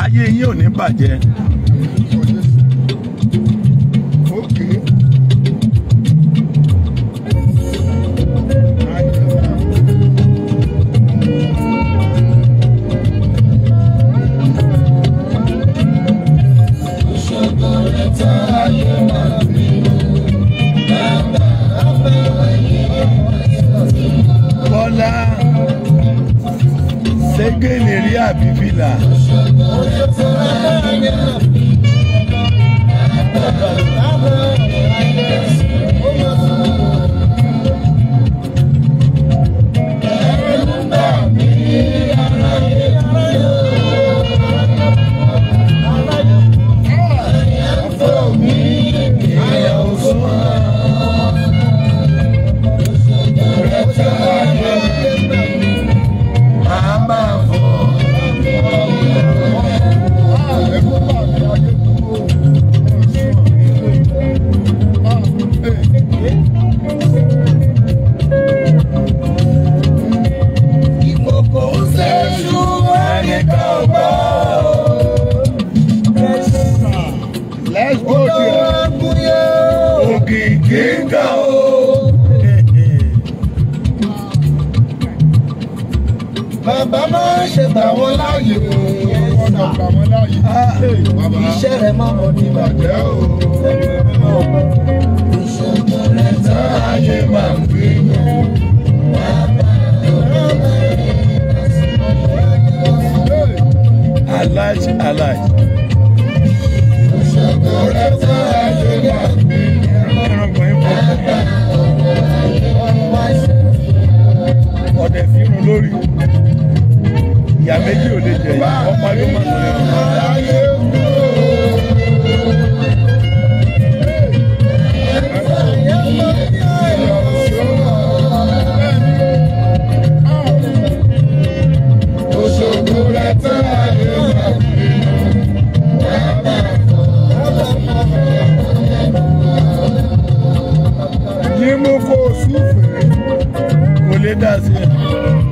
ayé yín ò ní bàjẹ́ ṣé gèlè rí àbí láàyè ọ̀dà gbà wọ́n láàyè. Ah, iṣẹ́ rẹ̀ má mọ̀ ní bàjẹ́ o. ìṣòro rẹ̀ tá ayé máa ń gbé wọn wá bá ọ̀dẹ̀ fírun lórí ìyá méjì ò lè jẹ ọmọ ló máa lọ lẹ́nu. Yímú kó o súfèé, kò lè dá sí ẹ̀.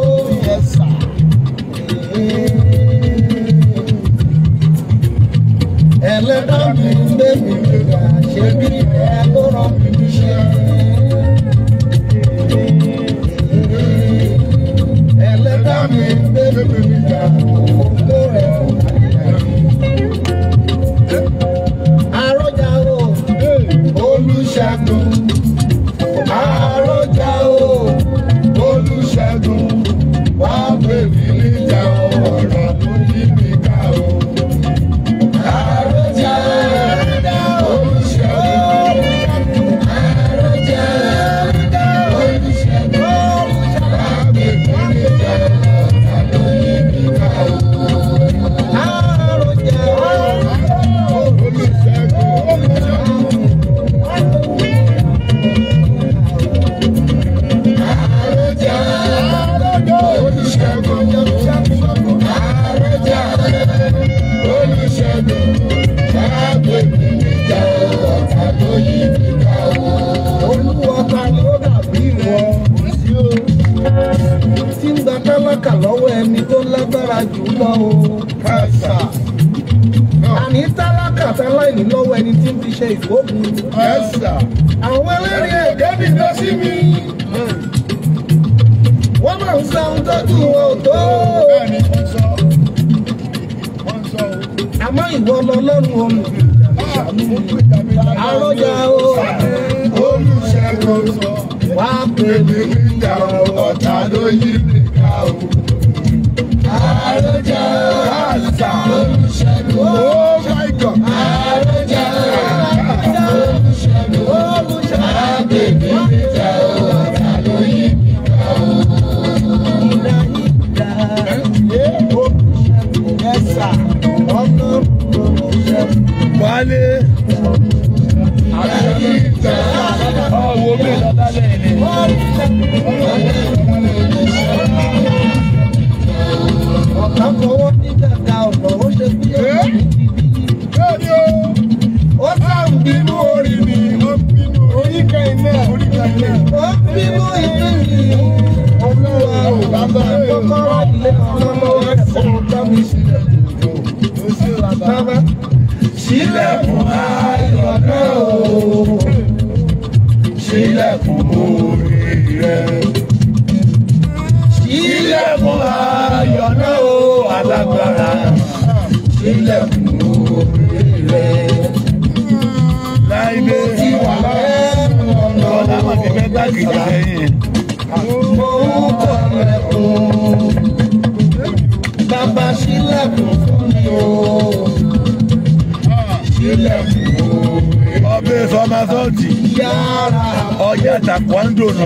ẹlẹ́dàá mi ń gbé mi lè àṣẹbí ẹ tó rán mi níṣẹ́. Let me, baby, àwọn eléré èdè mi lọ sí mi wọ́n máa ń sa ohun tọ́jú wọn ò tó. àmọ́ ìwọ lọ́lọ́run omi àròjà o olùṣègùn wà á pè mí níjà ọ̀tá ló yí mi ká o. àròjà o gbèdé níjà o ọ̀tá ló yí níjà o. ìlà ìlà èèwọ̀ ẹ̀sà ọ̀nà wálé. àlàyé ìjà ọ̀wọ́ ó bímú ìlú yìí olúwa ò bàbá kọ́kọ́rọ́ ilé ọlọ́wọ́ ẹ̀sìn ọ̀gbọ́n bàbá sílẹ̀kùn ayọ̀ náà o sílẹ̀kùn gbàgede lẹ́yìn. mo ń kọ́ mẹ́kún bàbá sílẹ̀kùn fún mi o sílẹ̀kùn o. ọbẹ̀ sọmọ sọ́ọ̀tì ọjà takwando nù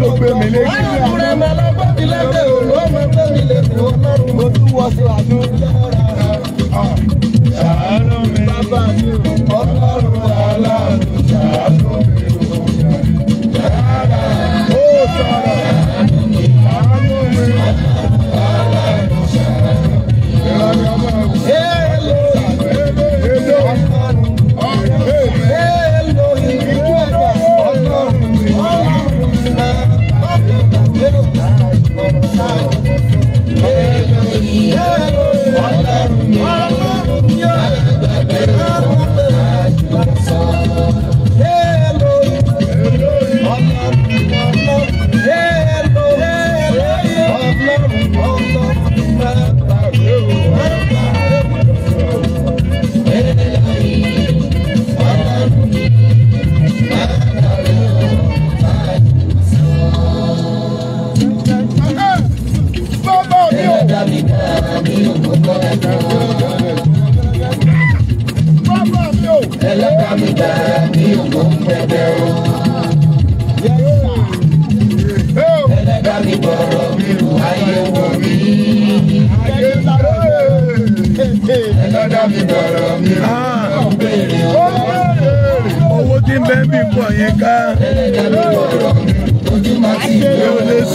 ló gbé mi lé kí ni àwọn ọmọ ọlọ́gbọ́n mi lẹ́gbẹ̀ẹ́ òun ló mọ̀ pé mi lè kó ọlọ́run mo tún wọ́ sí àánú.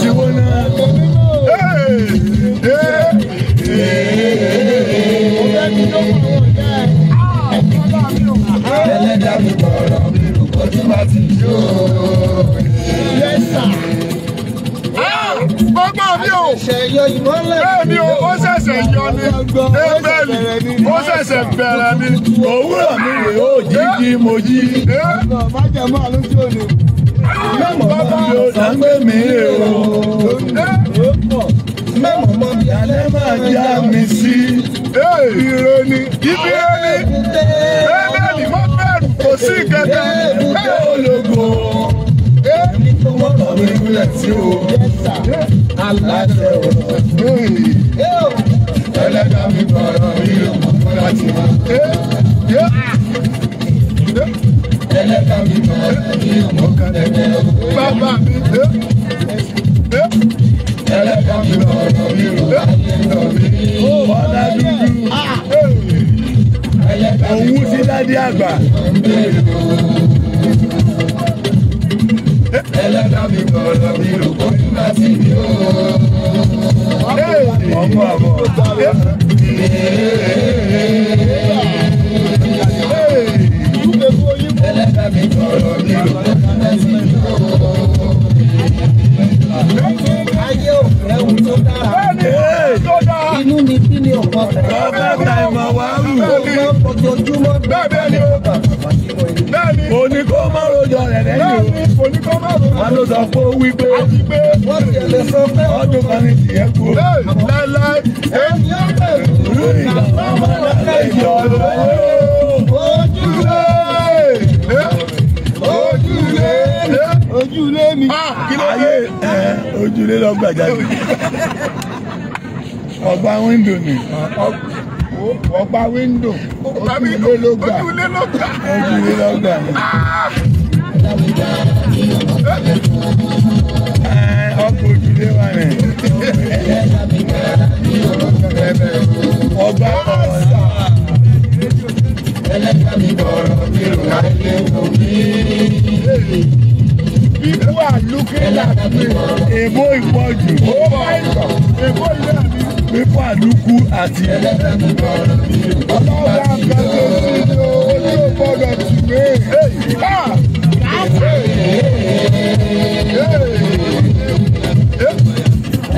ẹlẹ́dàá mi bọ̀rọ̀ mi rò kọjú bá ti jó. Gbogbo mi o, èmi o, ó ṣẹ̀ṣẹ̀ yọ ni, ebèlì, ó ṣẹ̀ṣẹ̀ bẹ̀rẹ̀ ni, òwúrọ̀ mi rè ó jí kí mo jí. Májàmú àlùjọ ni mẹ́mọ̀ mọ́ bí ó dá pé mi rè o. mẹ́mọ̀ mọ́ bí alẹ́ máa já mi sí. ìró ni ibi ẹni bẹ́ẹ̀ ni mo bẹ̀rù kò sí kẹta bẹ́ẹ̀ ológo. èmi tó wọ́n lọ rí gúlẹ̀ sí o. aláṣẹ ẹlẹ́ta mi tọ́ ẹ ní ọmọ kan ẹgbẹ́ ọgbẹ́. bàbá mi ẹ ẹ ẹlẹ́ta mi tọ́ ọ̀rọ̀ mi rò lọ́ mi ọ̀la dúdú. òun ti dádé àgbà. ẹlẹ́ta mi tọ́ ọ̀rọ̀ mi rò kó ní ọmọ àbọ̀. ayé òfẹ́ wù tó dára inú mi bí ni ọ̀pọ̀ tẹ̀lé. ọ̀pọ̀ tẹ̀lé mọ̀ wá rù. ọ̀pọ̀ ojoojúmọ́ bẹ́ẹ̀ ni ó bà. bẹ́ẹ̀ni kò ní kó má rojọ́ rẹ̀ lẹ́yìn o. bẹ́ẹ̀ni kò ní kó má rojọ́. wọn ló sọ fún wí pé. wọ́n ti lè sọ pé ọdún kan ní tìyẹ́ kú. lẹ́lẹ́ ẹ̀ ń yọ̀ bẹ̀rù. rú ìgbà wọn máa ń lọ sí ìjọ lọ́wọ́. ojúlé mi. ayé ẹ ojúlé lọ gbàjà mi ọgbà wíńdò ni ọgbà wíńdò ojúlé ló gbà ojúlé ló gbà mi. ọkọ̀ ojúlé wa rẹ̀ ọgbà ọ̀sà ẹlẹ́ka mi you mi rò láyé omi. People are looking at me. Èbó ìpọ̀jù. Ó pàìsàn. Èbó ilé mi. Pépà lukú àti ẹlẹ́dẹ̀ẹ́dì. Ọlọ́wọ́ àgbẹ̀ tó sí ni o, ojú ò gbọ́dọ̀ tù mí.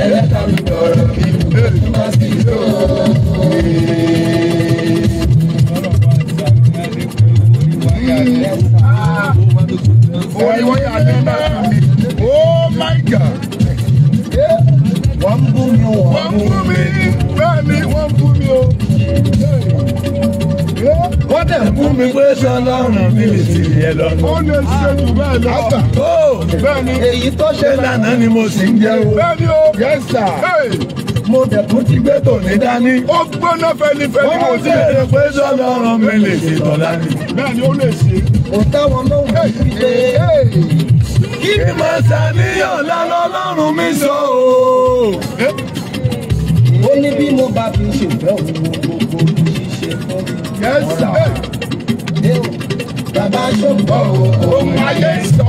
Ẹlẹ́ta mi lọ̀rọ̀ kí n bá sí lóore. Oh my God. Wọ́n bú mi o. Wọ́n bú mi. Bẹ́ẹ̀ni wọ́n bú mi o. Wọ́n dẹ̀ bú mi pé sọlọ́run mi lè ti yẹ lọ. Ó lè ṣe Èyí tó ṣe lánàá ni mo sì ń jẹ o. Bẹ́ẹ̀ni o. Yes mo dẹ̀ tún ti gbé tòní dání. ó gbóná fẹlifẹli mo sì lè pé sọ́dọ̀ ọ̀rọ̀ mi lè ṣe tọ́lá ni. bẹ́ẹ̀ ni ó lè ṣe. kò táwọn lóhùn sí pé kí ni màá ṣàníyàn lálọ́lọ́run mi sọ o. ó ní bí mo bá fi ṣèfẹ́ òun gbogbo ṣíṣe fún mi. ọ̀rọ̀ bàbá ṣògbọ́n òun ayé sọ.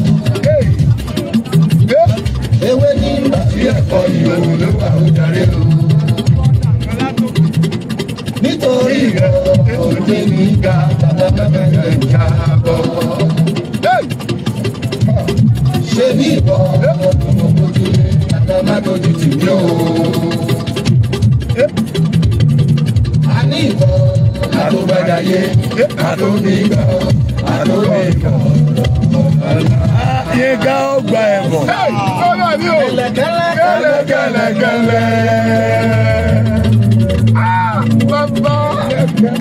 ewé ní ìgbà tí ẹ̀kọ́ ìyòwò ló wà ó darí o. nítorí rẹ̀ òde ní ga bàbá bàbá rẹ̀ já bọ̀. ṣé bí ìbọn ọdún òkúti àtàmádojú tì mí o. a ní ìbọn àtòbàdàyé àtòmígbà àtòmígbà. Yínká ó gba ẹ̀bùn. Kẹ́lẹ́ kẹ́lẹ́ ah, kẹ́lẹ́.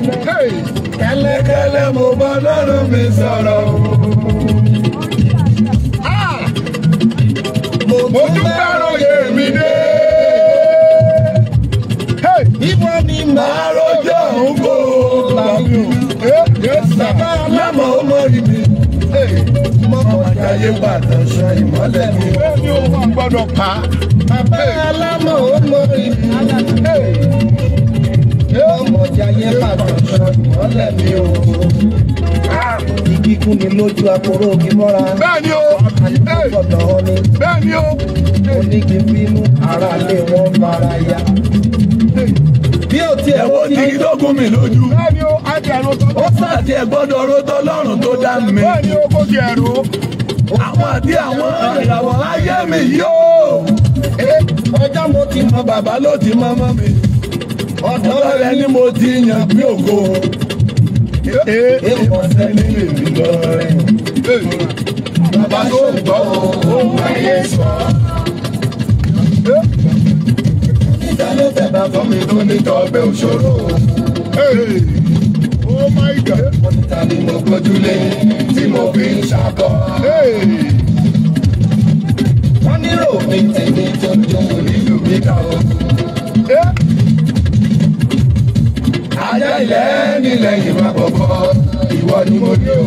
Kẹ́lẹ́ kẹ́lẹ́ mo bá lọ́rùn mi sọ̀rọ̀. Ah. Mo dúpẹ́ lóye mi dé. Ibo ni màá rojọ́ òun kò. Bàbá ọlọ́mọ ó mọ̀ rí mi mọ́kànlá ayé gbàdán ṣe ìmọ́lẹ̀ mi. ó ní ohun àgbọ̀dọ̀ pa. bàbá alámọ̀ ó mọ ibi. mọ́kànlá ayé gbàdán ṣe ìmọ́lẹ̀ mi o. igi kún ni lójú àpòrò òkè mọ́ra. bẹ́ẹ̀ni o. àyíkọ̀dọ̀ ọ̀ni. bẹ́ẹ̀ni o. onígi bínú ara lé wọn fara ya. bí o tiẹ̀ wọ́n ti. ẹ̀wọ́n ti dógún mi lójú. bẹ́ẹ̀ni o. ó sáà tiẹ̀ gbọ́dọ̀ rótọ́ lọ mi. bẹ́ẹ̀ ni ogójì ẹ̀rú. àwọn àti àwọn ìràwọ̀ ayé mi yóò. ọjọ́ mo ti mọ bàbá ló ti mọ ọmọ mi. ọ̀dọ́ rẹ ni mo ti yàn bí ògo. ìwọ̀nsẹ̀ ni èmi lọ rẹ̀. bàbá tó gbọ́ ohun ayé sọ. ìdálẹ́tẹ̀ bàbá mi ló tọ́ pé òṣòro. Òkúta ni mo gbójúlé tí mo fi ń ṣàbọ̀. Wọ́n nírò mi ti ní tuntun nílùú mi kà ó. Ajá ilẹ̀ nílẹ̀ yìí máa bọ̀bọ̀, ìwọ ni mo dé o.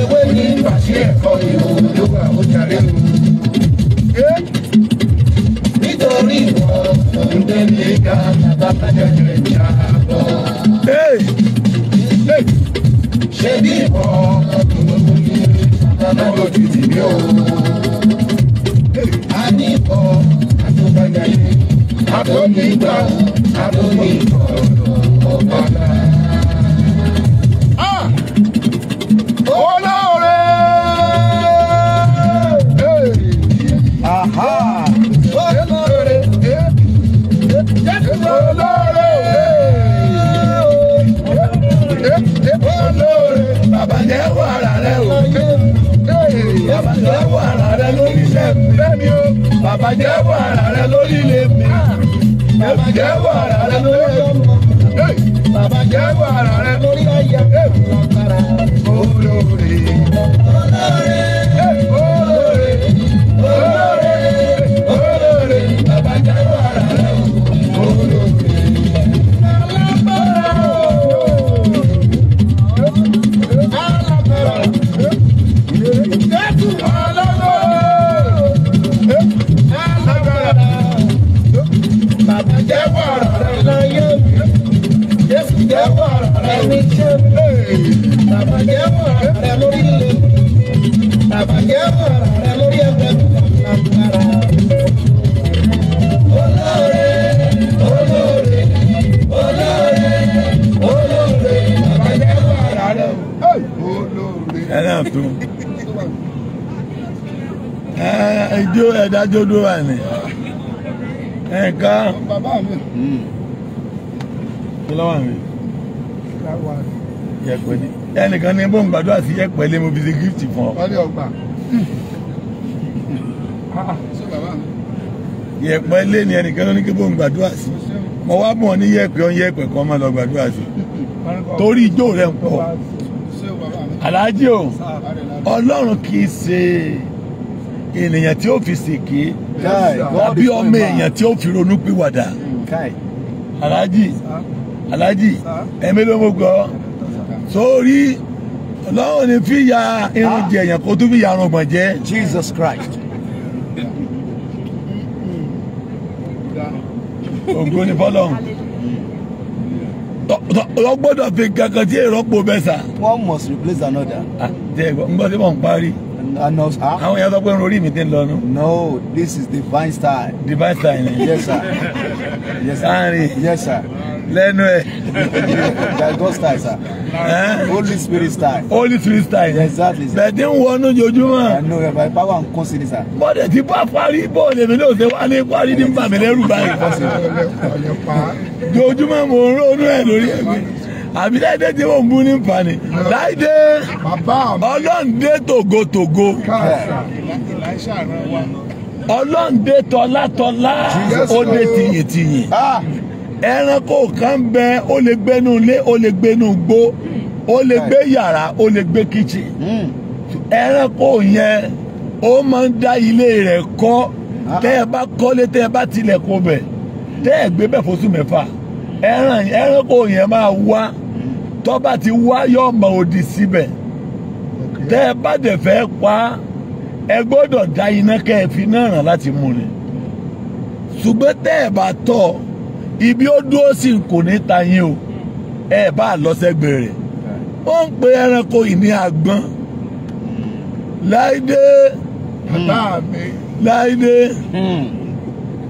Ewé ní bàṣẹ ẹ̀fọ́ ni òun ló wà ó jàre o. Hey! Hey! Ṣé bí ìbọn ọdún ló ń lójú tì mí o? A ní ìbọn àtúntàgbà yìí, jẹ́wọ́ ara rẹ o. Bàbá jẹ́wọ́ ara rẹ lórí iṣẹ́ mi. Bàbá jẹ́wọ́ ara rẹ lórí ilé mi. Bàbá jẹ́wọ́ ara rẹ lórí ọmọ. Bàbá jẹ́wọ́ ara rẹ lórí ayé. Olóore. Olóore. Olóore. Olóore. adájọ́ ló wà ní nǹkan tó lọ́wọ́ mi hmm. yẹpẹ ni ẹnìkan ní bóun gbàdúrà sí yẹpẹ lé mo fi ṣe gift fún ọ. Ah. yẹpẹ lé ni ẹnìkan ló ní kí bóun gbàdúrà sí mo wá bọ̀ ní yẹpẹ ọ̀n yẹpẹ kan máa lọ gbàdúrà sí torí ijó rẹ̀ ń pọ̀ aláàjì o ọlọ́run kì í ṣe ènìyàn tí ó fi sèké àbí ọmọ èèyàn tí ó fi ronú pìwàdà aláàjì aláàjì ẹ̀mí ló mú gbọ́ sórí ọlọ́run ní fi ya irun ah. jẹ èèyàn kó tún fi ya arun gbọ̀n jẹ. Jesus Christ. ògo ni fọlọ́run wọ́n gbọ́dọ̀ fi kankan èrò pò bẹ́sà. one must replace another. Ah, jẹ́ ìgbọ́n tí mò ń parí. No, sir. Àwọn èèyàn No, this is divine style. Divine style Yes, sir. Yes, sir. Yes, sir. Lẹ́nu ẹ̀. That's God style, sir. Holy Spirit style. Holy Spirit style. Yes, exactly, sir. Bẹ̀ẹ̀dì ń wọnú ojoojúmọ́. I know ẹ̀ bá ipá wà sir. But the people are Bọ́dẹ̀ ti they parí bọ́ọ̀lù èmi náà ṣe wá ní parí ní bàmí lẹ́rù báyìí. Ojoojúmọ́ mo ń rónú ẹ̀ lórí ẹ̀mí àbí láìdé tí mò ń bú ní nfààní láìdé ọlọ́ǹdé tògótògó ọlọ́ǹdé tọ́látọ́lá òde tìyìntìyìn ah. ẹranko kan bẹ ó lè gbénu ilé ó lè gbénu gbó ó lè gbé yàrá ó lè gbé kitchen hmm. ẹranko yẹn ó máa ń dá ilé rẹ̀ kọ́ ah. tẹ́ ẹ bá kọ́lé tẹ́ ẹ bá tilẹ̀kùn bẹ̀ tẹ́ ẹ gbé bẹ̀ fóṣù mẹ́fà ẹran ẹranko yẹn máa wá tó bá ti wá yóò mọ òdì síbẹ̀ tẹ́ ẹ bá dẹ̀ fẹ́ pa ẹ gbọ́dọ̀ da iná kẹ́ ẹ fi náà ràn láti mú ni ṣùgbọ́n tẹ́ ẹ bá tọ̀ ibi ó dúró sí kò ní ta yín o ẹ bá lọ sẹ́gbẹ̀ẹ́ rẹ̀ ó ń pe ẹranko yìí ní àgbọn láìdé hmm. láìdé. Hmm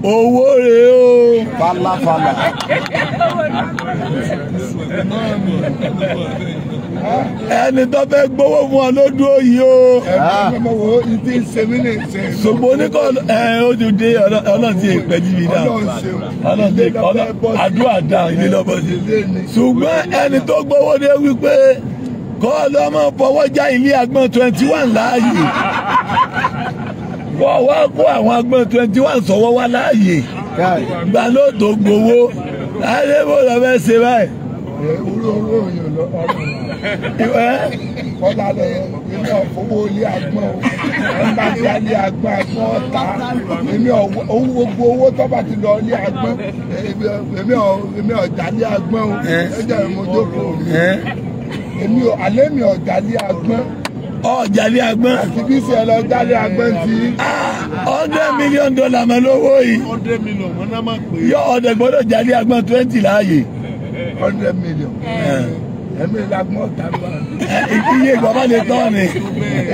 owó rèé o. falafala. ẹni tó fẹ́ gbowó fún ọ ló dúró yìí o. Ah. ṣùgbọ́n ní kọ́ ẹ ó ti dé ọlọ́run ti pẹ́ jíbi náà ọlọ́run ti àdúrà dá ilé lọ́bọ̀ sí. ṣùgbọ́n ẹni tó gbowó dé wípé kọ́ ọ lọ́mọ fọwọ́ já ilé agbọ́n twenty one láàyè wọ́n wá kó àwọn agbọ́n twenty one sọ́wọ́ wá láàyè gba lóòótọ́ gbowó alébó lọ fẹ́ ṣe báyìí. orí owó yìí lọ ọrùn ìwé. kọ́lá lọ ilé ọ̀fọwọ́ ilé agbọ́n ọba ti alẹ́ agbọ́n agbọ́n ọ̀tá èmi owó owó tọ́ba ti lọ ilé agbọ́n èmi ọ̀jà ilé agbọ́n o ẹ̀jẹ̀ mi mo jókòó mi èmi alẹ́ mi ọ̀jà ilé agbọ́n ọjàlẹ agbọn. àtìkí sí ẹ lọ jálẹ agbọn ti. hundred million dollar mọ lówó yìí. hundred million wọn náà máa pè é. yọ ọdẹ gbọ́dọ̀ jálẹ agbọn twenty láàyè. hundred million. èmi eh. làgbọn ọ̀tá lọ. iye eh, bàbá lè tọ́ ni.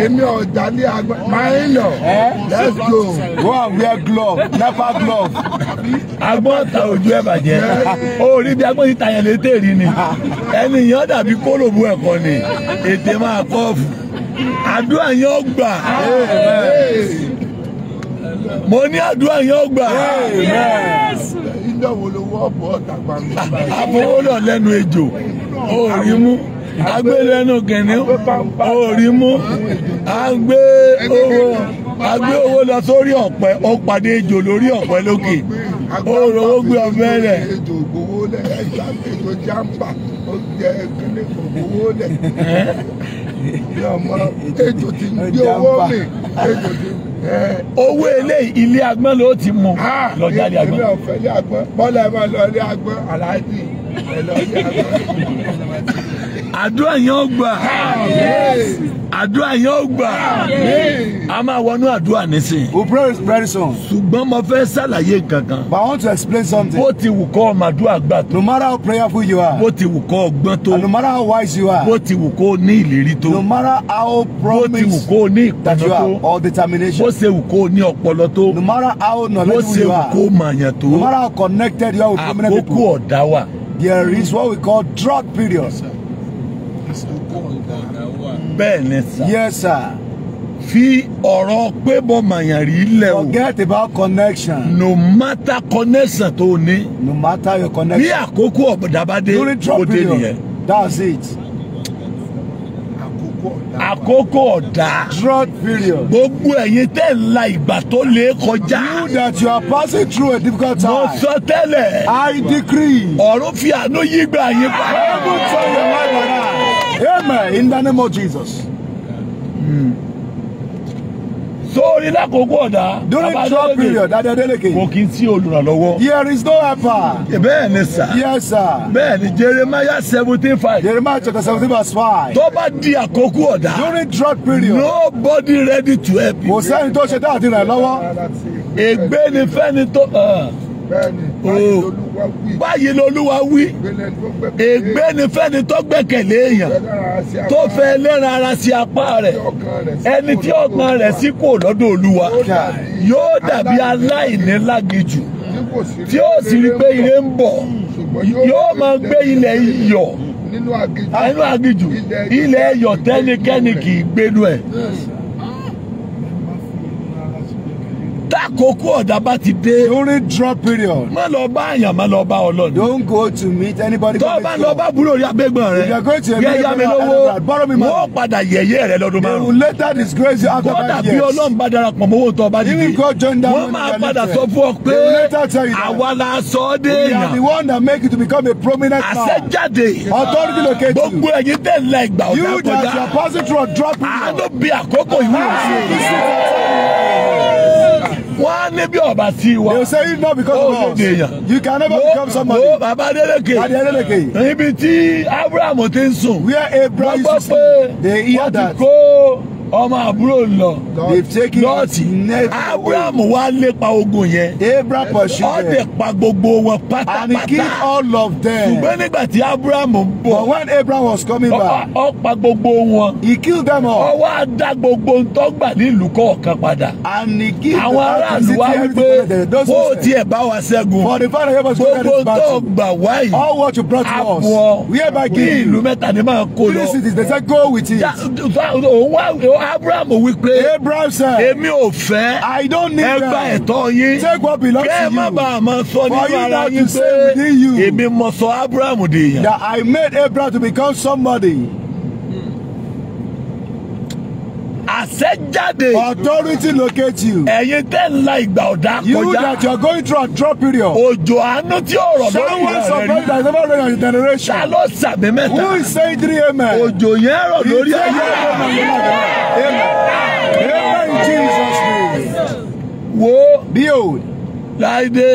èmi ọ̀jàlẹ agbọn. máa ń lọ. Eh? let's go. go and wear glove nepa glove. agbọn ta ojú ẹ bàjẹ́. o rí bí agbọn yìí tayàn létè rí ni. ẹni yàn dàbí kólòbù ẹ̀kọ́ ni. ètè máa kọ́ ọ̀fù àdúrà yẹn ó gbà mo ní àdúrà yẹn ó gbà. ìjọwọ́ ló wọ́ bọ́ tàgbà mi. àfọwọ́dọ̀ lẹ́nu ejò ó rí mú agbélẹ́nu kìnìún ó rí mú agbé owó agbé owó lọ sórí ọ̀pẹ ó pàdé ejò lórí ọ̀pẹ lókè ó rówó gbé ọ̀fẹ́ rẹ̀ owó lẹ ọmọ ejò ti ń gbé owó mi ejò ti owó eléyìí ilé agbọ́n ló ti mú lọ́jà ilé agbọ́n. ilé ọ̀fẹ́ ilé agbọ́n bọ́lá ẹ máa lọ ilé agbọ́n aláàjì ẹ lọ ilé agbọ́n àdúrà yẹn ó gbà àdúrà yẹn ó gbà a máa wọnú àdúrà nísìn. we pray very song. ṣùgbọ́n mo fẹ́ ṣàlàyé kankan. but I want to explain something. bó ti wù kọ́ ọmọ àdúrà gbà tó. no matter how prayerful you are. bó ti wù kọ́ ọgbọ́n tó. and no matter how wise you are. bó ti wù kọ́ ní ìlérí tó. no matter how promise. bó ti wù kọ́ ní ìpinnu tó. that you are or determination. bó ṣe wù kọ́ ní ọpọlọ tó. no matter how knowledgeable you are. bó ṣe wù kọ́ màyàn tó. no matter how connected you are with prominent people. àkókò ọ̀dá wà. There is what we call drought periods. Yes, bẹ́ẹ̀ ni sà. yes sir. fi ọ̀rọ̀ pé mo màyàn rí lẹ̀ o. forget about connection. no matter connection tó o ní. no matter your connection. bí àkókò ọ̀dàbádé o dé nìyẹn. that's it. Àkókò ọ̀dà. Drought period. Gbogbo ẹ̀yin tẹ́ ń la ìgbà tó lè kọjá. You that you are passing through a difficult time. Mo sọ tẹ́lẹ̀. I decree. Ọ̀run fi àánú yí gbà yín pa. I am good for your life amen in the name of Jesus. Hmm. sórí lákòókò ọ̀dà. during trial period Adeleke. kò kí n sí olùrànlọ́wọ́. there is no helper. bẹ́ẹ̀ ni yes sir. Ben, Jeremiah seventeen Jeremiah chapter seventeen verse five. tó bá di àkókò ọ̀dà. during period. nobody ready to help you. kò sẹ́ni tó ṣe tá àti ràn lọ́wọ́. ègbé ni fẹ́ni tó. Uh, Oh. báyìí lolúwa wí ègbé ni fẹ́ni tó gbẹ́kẹ̀lé èèyàn tó fẹ́ lẹ́ran ara sí apá rẹ̀ ẹni tí ọkàn rẹ̀ sí kò lọ́dọ̀ olúwa yóò dàbí aláìní lágijù tí ó sì rí pé ire ń bọ̀ yóò máa gbé ilẹ̀ iyọ̀ nínú agijù ilẹ̀ iyọ̀ tẹ́nikẹ́ni kì í gbénu ẹ̀. àkókò ọ̀dà bá ti dé. during drought period. má lọ bá àyàn má lọ bá ọlọ́run. don't go to meet anybody. tó o bá lọ bá búrò rí abẹ́gbọ̀n rẹ. if you are going to a meeting with another borrow me money. wọ́n padà yẹ̀yẹ́ rẹ lọ́dún márùn. they will later disgrace you after five years. kódà bí ọlọ́run bá darapọ̀ mọ́ owó tó ọba dìde. even God join that money. wọ́n máa padà sọ fún ọ pé. they will later tell you that. àwa la sọ ọ́ dé we are the one that make you to become a prominent man. àṣẹjáde. authority locate you. gbogbo ẹ̀yin tẹ̀ ń you that you are passing wọ́n á ní bí ọba sí they say no because of us you can never become somebody. no baba adeleke adeleke. ibi tí abraham ti ń sùn. where abraham is they hear that ọmọ àbúrò lọ lọ́ọ̀tì abraham wá lépa ogun yẹn ó dẹ̀ pa gbogbo wọn pátápátá ṣùgbọ́n nígbà tí abraham bọ̀ ó pa gbogbo wọn ó wá dá gbogbo tó gbà nílùú kọ̀ọ̀kan padà àwọn aráàlú wá wípé ó tiẹ̀ bá wa ṣẹ́gun gbogbo tó gbà wáyé àpò ní ìlú mẹ́ta ni máa kó lọ òun wá Abraham wípé. Abraham said. Èmi ò fẹ́. I don't need that. Ẹ ẹ̀tọ́ yín. Take what belongs to you. Kẹ́ ẹ má bàa máa sọ nípa ara yín pé èmi mọ̀ sọ Abraham dèèyàn. That I made Abraham to become somebody. àṣẹ jáde. authority locate you. ẹ̀yin tẹ́ ń la ìgbà ọ̀dà kọjá. you that you are going through a drop period. òjò àánú tí ó rọ̀ lórí ìyá rẹ rí. someone support that never rain on generation. ta ló sàmì mẹ́ta. who is saying three amen. òjò yẹn rọ̀ lórí ayé rẹ. amen amen Jesus name. wo. be láìdé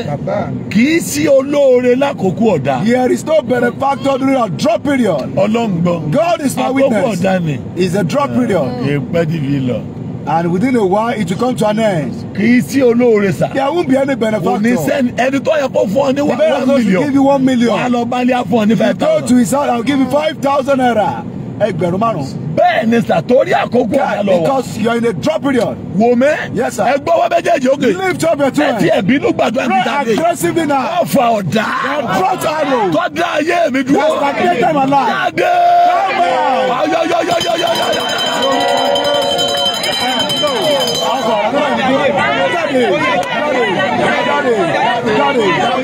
kì í sí olóore lákòókò ọ̀dá. there is no benefactor during a drop period. ọlọ́run God is my witness àkókò ọ̀dá ni. is a drop ah, period. èèpẹ́ dìbì lọ. and within a while it will come to an end. kì í sí olóore sá. there won't be any benefactor. òní sẹ́ni ẹni tó yẹ kó fún ọ ní one million. the benefactor should give you one million. wà á lọ bá ní àfọ̀ ní five thousand. you go to his house and give you five thousand naira ẹgbẹ̀rún márùn. bẹ́ẹ̀ ni sà torí àkókò ọ̀la lọ. because you are in a drop period. wò mẹ́. yes sir. ẹgbọ́n wa méjèèjì òkè. lift up your two hands. ẹ ti ẹ̀bínú gbàdúrà mi dáadé. pray aggressively now. ọ̀fà ọ̀dà. your throat arrow. tọ́jà ayé mi dúró. yes sir take time alive. dáadé. come on. ayọyọyọyọyọyọ. ọkọ̀ ọ̀la náà ń gbé. jáde jáde jáde jáde.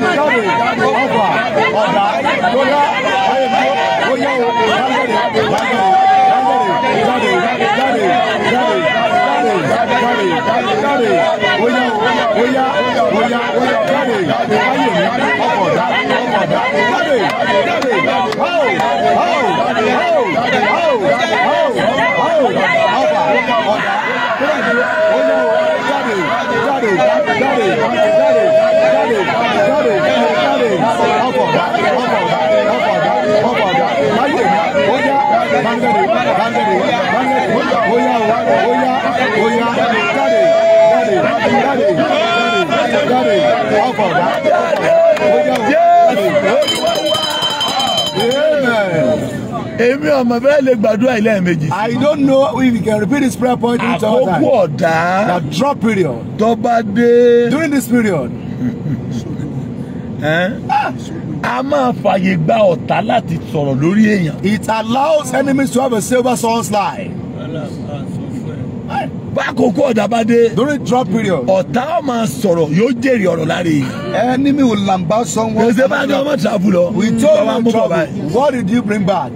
óyá óyá óyá jáde jáde láyé mi ọkọ̀ dá ọkọ̀ dá jáde jáde háò háò háò háò háò ọkọ̀ ọ̀dà jáde jáde jáde jáde. èmi ọmọ bẹ́ẹ̀ lè gbàdúrà ilé ẹ̀mejì. I don't know if you can repeat this prayer point three times. àkókò ọ̀dá. na drop period. tọ́ba dé. during this period. a máa fàyè gba ọ̀tá láti sọ̀rọ̀ lórí èèyàn. it allows enemies to have a silver sun's slide bákòókò ọ̀dà bá dé. period. ọ̀tá ọ̀ máa sọ̀rọ̀ yóò jèrè ọ̀rọ̀ láre yìí. enemy will lambast someone. kèsè bá ní ọmọ travel lọ. we told you trouble what did you bring back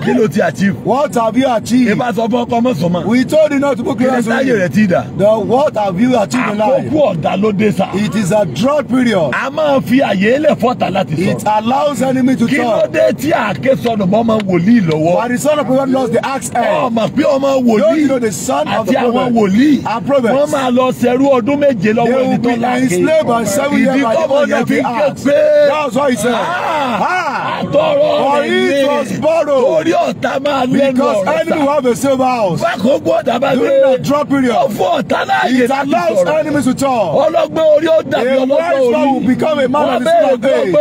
kí ló ti achieve. what have you achieved. ibà sọ fún ọkọ mọ̀sánmọ́. we told you not to go clear. on you. kí ti dà. the what have you achieved in life. àkókò ọ̀dà ló dé sa. it is a drought period. a máa fi àyè ilẹ̀ fọ́ta láti sọ. it allows enemy to talk. kí ló dé tí àáké sọnù mọ́ máa wòlíì lọ́wọ́. but the son of prophet lost the axe head. ọmọ pé ọmọ wòlíì. don't you know the son of the prophet. àti àwọn wòlíì. and prophets. wọ́n máa lọ sẹ́rú ọdún méje lọ́wọ́ ẹni tó láàké. they will be enslaved by seven years by the kí ọ̀tá because enemy will have a silver house. bákan gbọ́ dábàá dé. during the drop period. ó fún ọ̀tá láàyè láti sọ̀rọ̀. it allows enemies to talk. ọlọ́gbọ́n orí ó a wise man will become a man of a small age.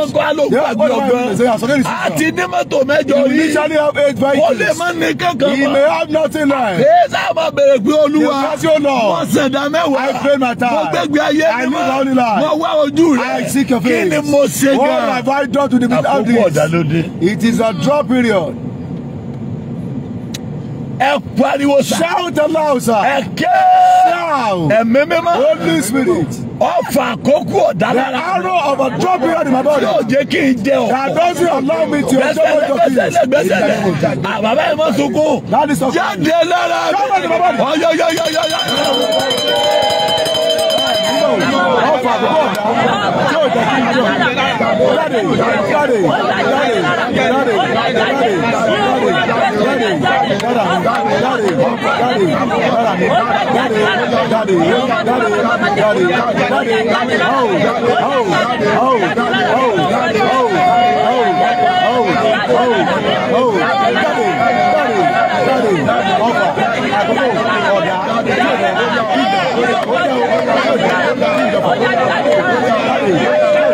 you literally have eight vehicles. ó lè má ní he may have nothing left. He máa bẹ̀rẹ̀ pé olúwa. the passion law. wọ́n sẹ̀dá mẹ́wàá. I pray my time. I live only life. mo wá ojú rẹ̀. I seek your face. what have I done to the middle of this? it is a drop period ẹ pariwo sa. shout aloud sa. ẹ ké. ẹ̀mẹ́mẹ́má. holy spirit. ọfà àkókò ọ̀daràn. the arrow of a drop in my body. yóò jẹ́ kí n jẹ ọ̀pọ̀. that you allow me to enjoy my coffee. gbẹsẹlẹ gbẹsẹlẹ bàbá yẹn mọ sunkún. that is okay. jáde lára mi. ọyọyọyọyọ. ọfà àkókò ọ̀daràn. yóò jẹ́ kí n jẹ ọ̀pọ̀. jáde jáde jáde jáde jáde. daddy, daddy, daddy, daddy, daddy, oh, oh, oh, oh, oh, oh, oh, oh, oh, oh, daddy, daddy, daddy, oh, oh, oh, oh, oh, oh, oh, oh, oh, oh, oh,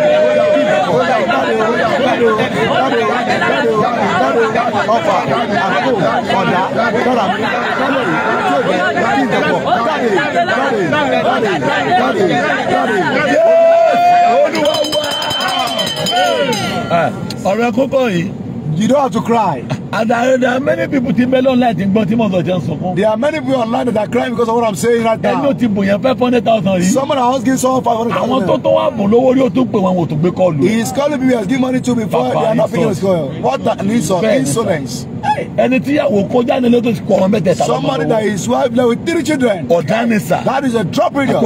ọfà àkókò ọ̀dà tọ́lá tọ́lẹ̀rì tóbi kíjọpọ̀ jáde jáde jáde jáde jáde. olúwa wá. ọ̀rẹ́ kókó yìí. You don't have to cry. And there, are many people tí ń bẹ online tí ń gbọ́ tí There are many people online that are crying because of what I'm saying right now. I know ti bòyàn five hundred thousand rí. Someone has given someone five hundred thousand. Àwọn tó tó wà bò lówó rí o tún pè wọn o He is calling people he has given money to before Papa, they are not picking his call. What an insult, insolence. Ẹni tí ìyàwó kọjá nílé tó ti Somebody that is wife left with three children. Ọ̀dánì sà. That is a drop in your.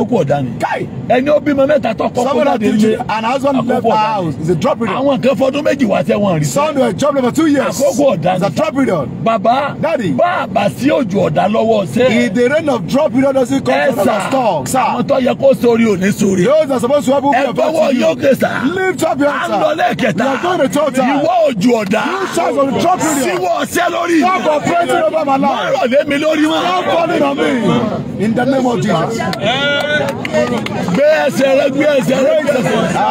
Kai ẹni ó bímọ mẹ́ta tó kọ́ kó láti ilé àkókò ọ̀dà àwọn kan fọdún méjì wá tẹ́ wọn rí. some were job number two years. àkókò ọ̀dà is a drop period. baba bàbà sí òjò ọ̀dà lọ́wọ́ ṣe. if the rain of drop period doesn't come yes, from the store. sir àwọn tó yẹ kó sori ò ní sori. those that to help you. ẹ̀fọ́ wọ yóò ké sa. lift up your hand. à ń lọ lẹ́ẹ̀kẹta. we are going to talk time. ìwọ òjò ọ̀dà. you charge on the drop period. síwọ́ ọ̀sẹ́ lórí. stop over my life. mọ̀rọ̀ lé mi lórí wọn. in the name of Jesus gbé ẹsẹ̀ rẹ gbé ẹsẹ̀ rẹ gbé ẹsẹ̀ rẹ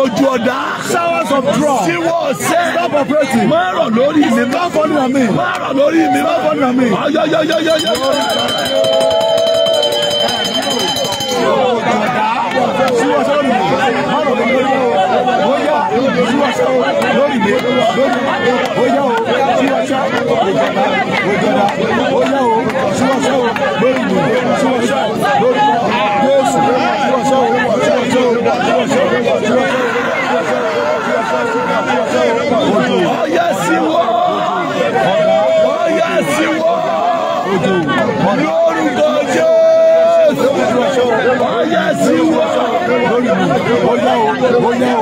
ojú ọ̀dá. showers of draw. ṣíwọ́ ọ̀sẹ̀. stop operating. má rọ̀ lórí mi. má fọ́ nà mí. má rọ̀ lórí mi. má fọ́ nà mí. ayọyọyọyọyọ. Oya o, oya o, oya o, oya o. sí lórí mi bóyá o o bóyá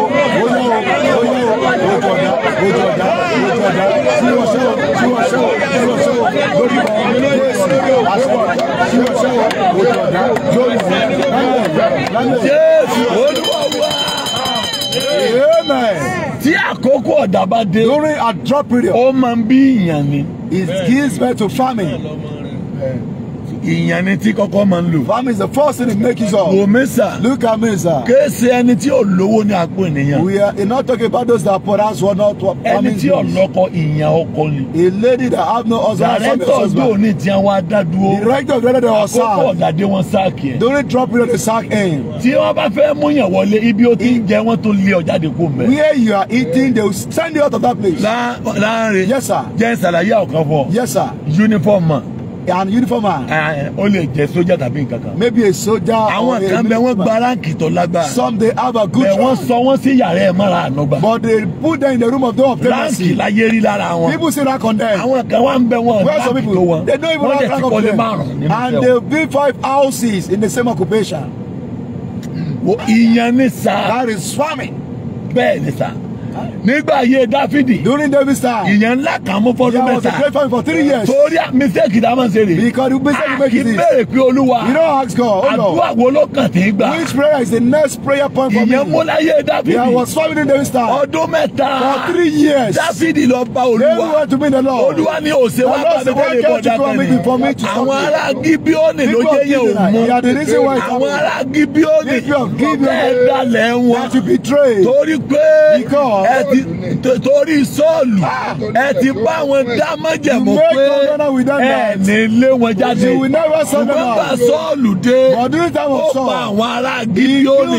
tí àkókò ọ̀dà bá dé. during a drought period. ó máa ń bí ìyàn ni. it gives birth to farming ìyàn ni tí kọ́kọ́ máa ń lò. that means the first thing they make use of. wò mí sà. look at me sir. kéèsì ẹni tí ò lówó ní àpò ènìyàn. we are not talking about those that poor us were not poor. ẹni tí ò lọ́kọ ìyàn ọkọ ni. a lady that have no husband. director yóò ní tí wọ́n á dá dúró. director gbẹ́dẹ̀ de wọ́n sáà. àkókò ọ̀dàdé wọn sáàkì ẹ̀. during drop period they sack end. tí wọ́n bá fẹ́ mú yàn wọlé ibi ó ti ń jẹ wọ́n tó lé ọjà dé kó mẹ́. where you are eating they will send you out of that place. láàrin. yes sir. jẹ́ nsàlàyé ọ̀kan fọ. yes sir. uniform man an uniform man. Ah, eh, ó lè jẹ sójà tàbí nǹkan kan. maybe a soldier or a military man. àwọn kan bẹ wọn gba ránkì tó lágbára. some dey have a good job. bẹ wọn sọ wọn sí yàrá ẹ mọ́ra ànúgbà. but they put them in the room of those of tenancy. ránkì la yé rí lára wọn. people still rank on them. àwọn kan wà ń bẹ wọn ránkì tó wọn. they don't even rank rank on them. and they build five houses in the same occupation. ìyẹn ni sá. that is farming. bẹ́ẹ̀ ni sá nígbà ayé dáfídì. during David's time. ìyẹn ńlá kan mú fọdún mẹ́ta. he was a great man for three years. torí mistake dá máa ń ṣe rè. because the mistake you make is this. ìbéèrè pé olúwa. you don't ask God. oh no. àdúrà wo ló kàn tí ń gbà. which prayer is the next prayer point for me. ìyẹn mú láyé dáfídì. there was famine in David's time. ọdún mẹ́ta. for three years. dáfídì lọ bá olúwa. they want to be the Lord. olúwa ní òsè wá bá mi wọlé bọ̀dá mẹ́rin. àwọn ará gibioni ló jẹ́ yẹn òun. àwọn ará gibioni ló bẹ́ẹ̀ dalẹ̀ wọn. torí pé. because ẹ ti torí sọ́ọ̀lù ah, ẹ ti bá wọn dá májẹ̀mú pé ẹ ní lé wọn jáde ṣùgbọ́n bá sọ́ọ̀lù dé ó pa àwọn ará gíríọ́nì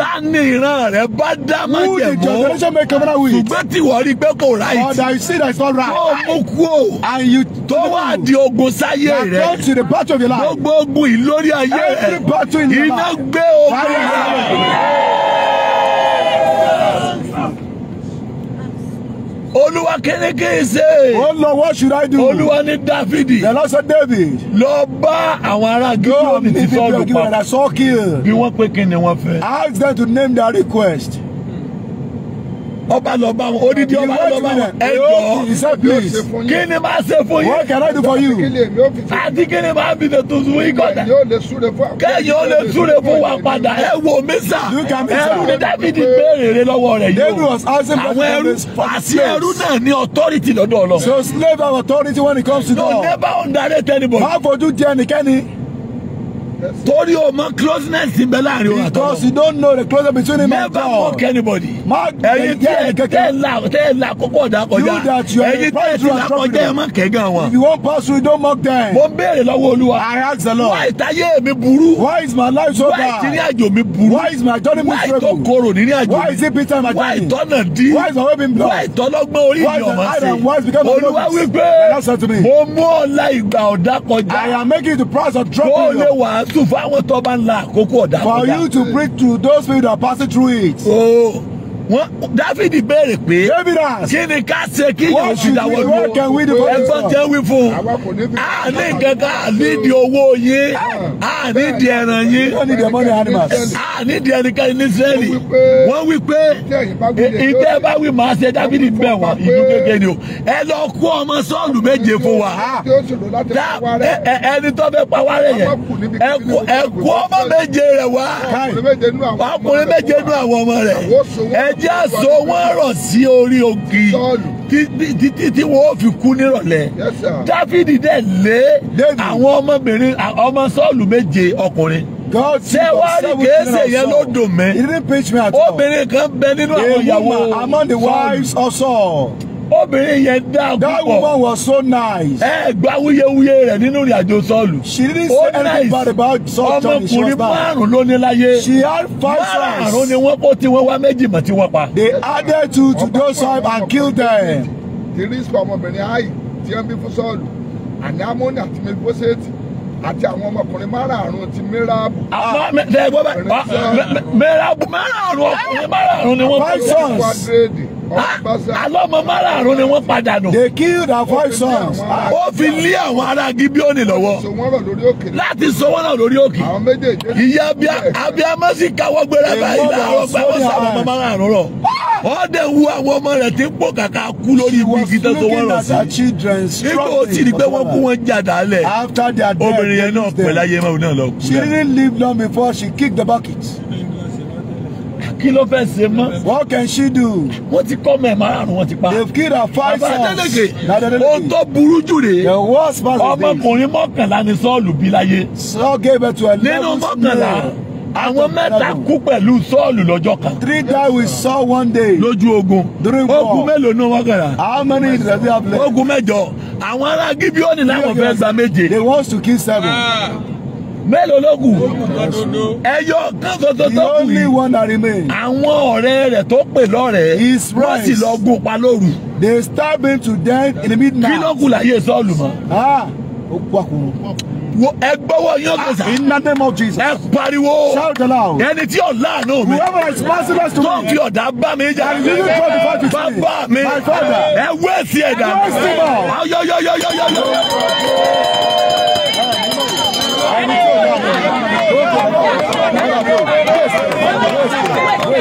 dání ìran rẹ bá dá májẹ̀mú ṣùgbọ́n tí wọ́n rí pé kò ráyìí tó mú kú o tó wà di ogun sáyé rẹ gbogbo ogun ìlórí ayé rẹ iná gbé ogun rẹ. olúwa kíni kí n ṣe. ó lọ what should I do. olúwa ní dáfídì. the lord said david. lọ bá àwọn ará gíwọ́nì tí sọ́ọ̀lù pa bí wọ́n pé kí ni wọ́n fẹ́. ask them to name their request ọba lọ bá wọn odidi ọba lọ bá wọn ẹ jọ kí ni máa ṣe fún yín. what can I do for you. àti kí ni máa bí the tuntun yín kọ́dà. kẹ́yìn ó lè súre fún wa padà ẹ wò mí sà ẹrú ni Dáfídì béèrè rẹ lọ́wọ́ rẹ̀ yìí o àwọn ẹrú àti ẹrú náà ní authority lọ́dọ̀ so slave have authority when it comes to God. no never underrate anybody. má fojú jẹ ẹnikẹ́ni torí o mọ closeness ti láàrin wa tọ́lọ́. because you don't know the closeness between him and God. never mock anybody. ẹyin tí ẹ tẹ la tẹ la kókó ọ̀dà kọjá ẹyin tí ẹ ti la kọjá ẹ má kẹ́gàn wọn. if you wan pass through don't mock them. mo béèrè lọ́wọ́ olúwa. I ask the Lord. why táyé mi buru? why is my life so bad. why ìrìn àjò mi burú. why is my journey miserable. why tó korò nínú àjò mi. why is it bitter my journey. why tọ́nà dí. why is my way being blocked. why tọ́lọ́gbọ́n orí mi ọ̀mọ́ sí. olúwa wípé mo mú ọ̀la ìgbà ọ̀dà kọjá. I am making the price of dropping you. kó o lè wà á ṣùgbọ́n àwọn tó bá ń la àkókò ọ̀dà. for you to break through those people that pass through it. Oh wọn dáfídì béèrè pé kí ni ká ṣe kí yóò fi dáwọ́ dúró ẹgbọ́n tẹ́ wí fún un a ní kankan a ní di owó yín a ní di ẹran yín a ní di ẹnikẹ́ni ní Ísírẹ́lì wọ́n wí pé ìtẹ́ bá wí màá ṣe dáfídì bẹ̀ wọ́n ìlú kékeré ni o ẹ lọ kó ọmọ Sọ́ọ̀lù méje fún wa ẹni tó fẹ́ pa wá rẹ̀ yẹn ẹ kó ọmọ méje rẹ̀ wá ọkùnrin méje nú àwọn ọmọ rẹ̀ ẹ jẹ́ àṣọ wọn rọ̀ sí orí ogi títí tí wọn ò fi kú nírọ̀lẹ́ dáfídì dẹ̀ lé àwọn ọmọbìnrin ọmọ sọ́ọ̀lù méje ọkùnrin ṣé wàá rí kéésì yẹn ló dùn mí obìnrin kan bẹ nínú àwọn ìyàwó sọ́ọ̀lù obìnrin yẹn dá púpọ̀. that woman was so nice. ẹ gba wuyewuye rẹ nínú ìrìn àjò sọlù. she didn't say oh, anything nice. bad about Saul Johnny she was bad. ọmọkùnrin márùn ló ní láyé. she had five sons. márùn ni wọ́n kó tí wọ́n wá méjì mọ̀ tí wọ́n pa. they added two to those five and killed them. the risk ọmọbìnrin ayi tí wọ́n bí fún sọ́ọ̀lù àní amóni àti mẹfọ́sẹ̀tì àti àwọn ọmọkùnrin márààrún ti mẹ́rààbù. àwọn mẹ́rààbù márààrún ọkùnrin márààrún ni wọ́n bí. five sons alọ́mọ márààrún ni wọ́n padà nù. they killed our five sons. ó fi lé àwọn ará gibioni lọ́wọ́ láti sọ wọ́n náà lórí òkè. ìyá abiyamọ sì káwọ́ gbéra báyìí láàárọ̀ pé wọ́n sọ àwọn ọmọ márààrún rọ̀. ó dẹ̀ wu àwọn ọmọ rẹ̀ tí ń pò kàkà kú lórí ibi igi tó tó wọ́n rọ̀ sí. nígbà ó ti di pé wọ́n kú wọn jàdá lẹ̀. obìnrin yẹn náà pẹ̀lú ayé máa náà lọ she didn't live long before she kicked the bucket kí ló fẹ́ ṣe mọ́. what can she do. wọ́n ti kọ́ mẹ́ẹ̀ márùn-ún wọn ti pa. they've killed her five sons. bàbá adeleke ohun tó burú jù rèé. the worst part of this. ọmọkùnrin mọ́kànlá ni sọ́ọ̀lù bí láyé. Saul gave her to eleven. nínú mọ́kànlá àwọn mẹ́ta kú pẹ̀lú sọ́ọ̀lù lọ́jọ́ kan. three die with saw one day. lójú ogun. during war ogun mélòó ní wọn kàrà. how many did they have left. ogun mẹ́jọ àwọn ará Gibeoni làwọn fẹ́ gba méje. they want to kill seven. Ah mélòó ló kù ẹyọ kan ṣoṣo tó kù yìí àwọn ọ̀rẹ́ rẹ̀ tó pè lọ́rẹ̀ẹ́ wọ́n sì lọ gún pa lóru. they stab him to death in the midnight. kí ló kù láyé sọ́ọ̀lù mọ́. Ah, ó kú àkùrọ̀. ẹ gbọ́wọ́ yín ọ̀gbọ̀n sá. Ah, in the name of Jesus. ẹ pariwo. ẹni tí ọ̀la àánú mi. whoever is merciless to me. tó fi ọ̀dà bá mi jà. and you go before the family. bàbá mi. my father. ẹ wẹ́ẹ̀sì ẹ̀dá. ẹ wẹ́ẹ̀sì mọ̀. ayọyọyọyọyọ.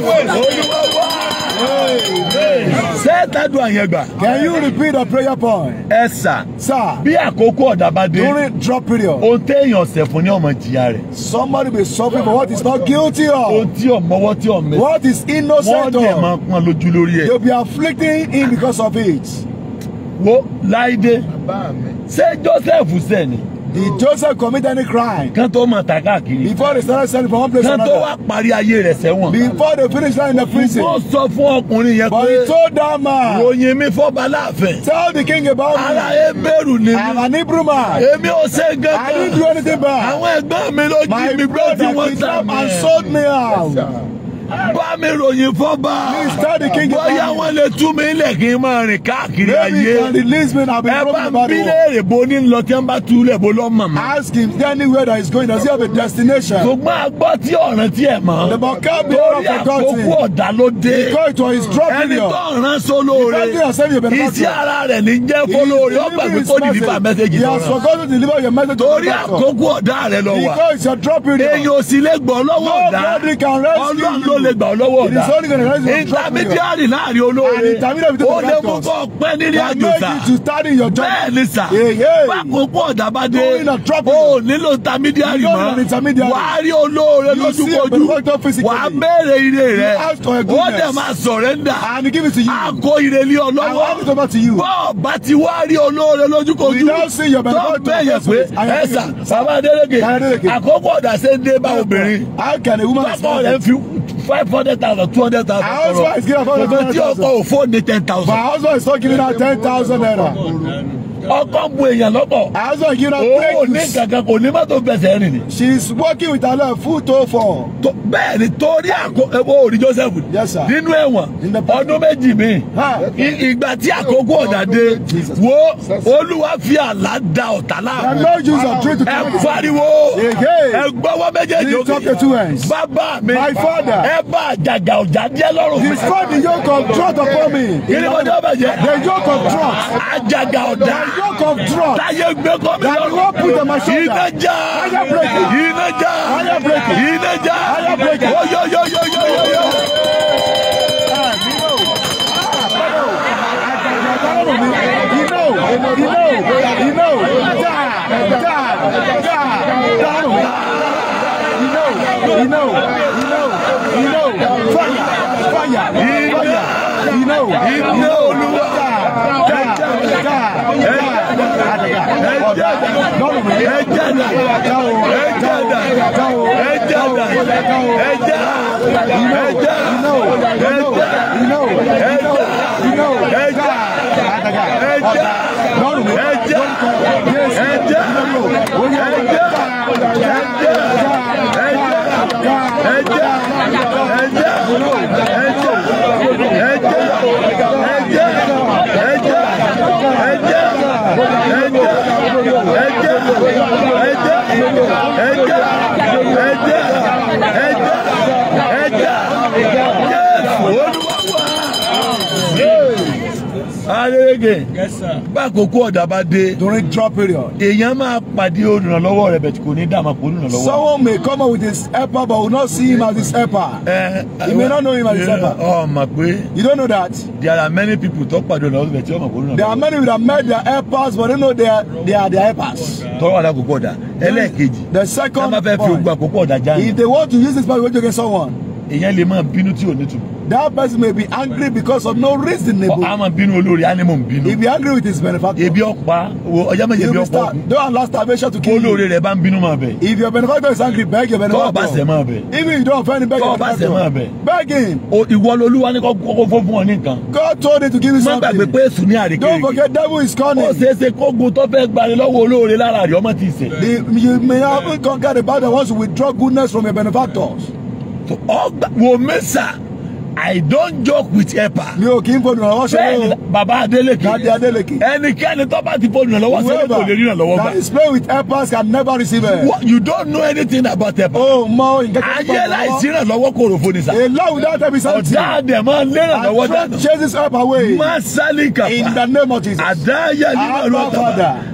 Say that one tádùn àyẹ̀ Can you repeat the prayer point? Yes, sir. Sir. Be a àkókò ọ̀dà bad day During drop period. O yourself on your ní ọmọ Somebody be suffering for what is not guilty of. O tí ọmọ wọ́n What is innocent of. Wọ́n You be afflicting him because of it. Wo Láídé. Ṣé Joseph sẹ́ni? the Joseph commit any crime. kán tó mọ̀ ta káàkiri. before they started selling from one place to another. kán tó wá parí ayé rẹ̀ sẹ́wọ̀n. before they finish line in the prison. wọ́n sọ fún ọkùnrin yẹn pé. but he told that man. ròyìn mi fọba láàfin. tell the king about me. ara ebéèrú ni mi. I'm an Hebrew man. èmi ò ṣe gángan. I didn't do anything bad. àwọn ẹ̀gbọ́n mi ló jí mi gbé tí wọ́n sá mi. my brother kidnapped and sold me out. Yes, sir bá mi ròyìn fọ́ba bóyá wọ́n lè tú mi lẹ̀ kí n máa rìn káàkiri ayé ẹ bá ń bílẹ̀rẹ̀ bo ní lọ tí wọ́n bá tú lẹ̀ bo lọ́ mọ̀ ask him anywhere that he's going does he have a destination. ṣùgbọ́n agbọ́ tí ọ̀ràn tí ẹ̀ mọ́. the vocab be all forgotten. torí àkókò ọ̀dà ló dé. the call to his drop ẹni tó ràn sólóore iṣẹ́ ara rẹ̀ ní jẹ́ fọlóore ó gbàgbé kó deliver message náà. he torí àkókò ọ̀dà rẹ̀ lọ wà. èyí ò sì lè gbọ́ lọ́wọ́ ọ̀dà ọlọ́run lè gbà ọ́ lọ́wọ́ ọ̀dà intermediary láàrin olóore ó lè mú kọ́ pẹ́ nílé àjòsà bẹ́ẹ̀ ni sà bákòókò ọ̀dà bá dé ó nílò intermediary mọ́ wàá rí olóore lójúkojú wàá béèrè ire rẹ̀ ó dẹ̀ máa sọ̀rẹ́ndà àgọ́ ire lé ọ lọ́wọ́ bọ́ọ̀ bá ti wá rí olóore lójúkojú tó bẹ̀yẹ̀ pé ẹ̀sà sábà délégé àkókò ọ̀dà ṣe ń dé bá obìnrin five hundred my two hundred thousand. her husband is giving her five hundred thousand. ọkọ tí ọkọ ten thousand. but her husband is not giving out ten thousand naira ọkọ bu èèyàn lọ́bọ̀. àásọ yìí náà break o ní kankan kò ní mọ́tò gbẹ̀sẹ̀ rìn ni. she is working with her love full to for. bẹ́ẹ̀ ni torí àkó ewo orí Joseph nínú ẹ̀wọ̀n ọdún méjì mi ìgbà tí àkókò ọ̀dà dé wo olúwa fi àlá da ọ̀tá láàmú ẹ fariwo ẹ gbọ́wọ́ méjèèjì òkè bàbá mi ẹ bá àjàgà ọ̀jà díẹ̀ lọ́rùn mi. the sun dey yóò control the farming. kí ni wọ́n jẹ́ bẹ̀jẹ̀. they yóò control. àjàgà ọ̀dà yoke of drugs táyé gbé kọ́ mi lọ́rùn that you wan put on my shoulder iná já fire breaking iná já fire breaking iná já fire breaking oyoyoyoyoyo. Iná o, iná o, iná o, já, já, já, dárò, iná o, iná o, iná o, iná o, fire, fire, fire, iná o, iná olúwa, já, já ẹja ẹja ẹja ẹja. again. yes sir. bá àkókò ọ̀dà bá dé. during drought period. èèyàn máa pàdé olùrànlọ́wọ́ rẹ̀ bẹ̀tì kò ní dààmú àpò olùrànlọ́wọ́. someone may come up with his helper but will not see him as his helper. ẹ ẹ you may not know him as his helper. ọ mà pé. you don't know that. there are many people tó pàdé olùrànlọ́wọ́ bẹ̀tì ọmọ àpò olùrànlọ́wọ́. there are many people that met their helpers but they know they are their helpers. tọ́wọ́ àdàkókò ọ̀dà ẹlẹ́ẹ̀kejì. the second point. tá a bá fẹ́ fi ogun àkókò ọ̀dà já. if they want to use this power to get someone èèyàn lè máa bínú tí ò ní tùmọ̀. that person may be angry because of no reasonable. a máa bínú olórí animal ń bínú. he be angry with his benefactor. ebi ọ̀pá ọjà méje ebi ọ̀pá ọ̀gùn. don't allow starvation to kill you. olórí rẹ̀ bá ń bínú máa bẹ̀. if your benefactor is angry beg your benefactor. tọ́ọ̀ bá sẹ̀ máa bẹ̀. even if you don't find him beg your benefactor. tọ́ọ̀ bá sẹ̀ máa bẹ̀. beg him. ìwọ lolúwa ní kókó fún ọ ní nǹkan. God told him to give you something. má gbàgbé pé èsù ní àríkèrè. don't forget devil is calling. ó ṣeé ṣe kógun tó fẹ́ gbani lọ́wọ́ olóore lára you may have conquered the battle once withdraw goodness from your benefactors ọgbà wo mẹ́sà I don't joke with EPA. Mi ò kí n fọdùn lọ́wọ́ ṣe o. Bàbá Adeleke. Dadi Adeleke. Ẹnikẹ́ni tó bá ti fọdùn lọ́wọ́ ṣe kò lè rí ìrànlọ́wọ́ gbà. That is play with EPA can never receive it. You don't know anything about EPA. Oh, o mọ nǹkan tó ń bọ̀. Ayé láìsí ìrànlọ́wọ́ kò rò fún ni sá. A law without help is empty. Ọ̀dà àdè máa ń lé ìrànlọ́wọ́ dànù. I trust Jesus help away. Má sálí kàfà. In the name of Jesus. Àdá ayé nínú ọ̀rọ̀ ọ̀tàbà.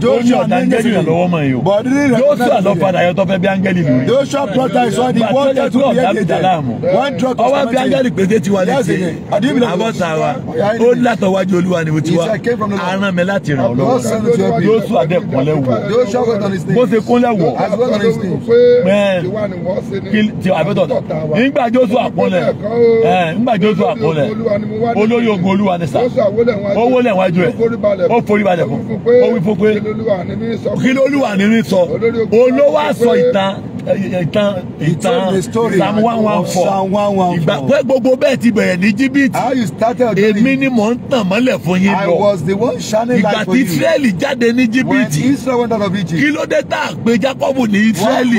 Joshua ní angẹ́lì lọ́wọ́ mọ̀ yìí o. Joshua lọ padà yọ tọ́fẹ́ bí angẹ́lì lù yìí. Joshua brought us all the world to be educated. One drug was ọwọ́ bí angẹ́lì pété tiwa létí. Àbọ̀ ta wa. Ó látọ̀ wájú olúwa ni mo ti wá. Aràn mi láti ràn ọ́ lọ́wọ́. Joshua dẹ̀ kúnlẹ̀ wọ̀. Bó ṣe kúnlẹ̀ wọ̀. Mẹ́ẹ̀n àbẹ̀tọ̀tà. Nígbà Joshua kúnlẹ̀. Nígbà Joshua kúnlẹ̀. Olórí ogun olúwa ni sà. Ó wọlé wájú ẹ̀. Ó forí balẹ̀ fún. Ó wí fún pé kí lolúwa ni mi sọ olówó àsọ ìtàn ìtàn ìtàn psalm one one four ìgbà pé gbogbo bẹ́ẹ̀ ti bẹ̀rẹ̀ ní jìbìtì èmi ni mò ń tàn mọ́lẹ̀ fún yín lọ ìgbà tí israẹli jáde ní jìbìtì kí ló dé tá a pè jacob ní israẹli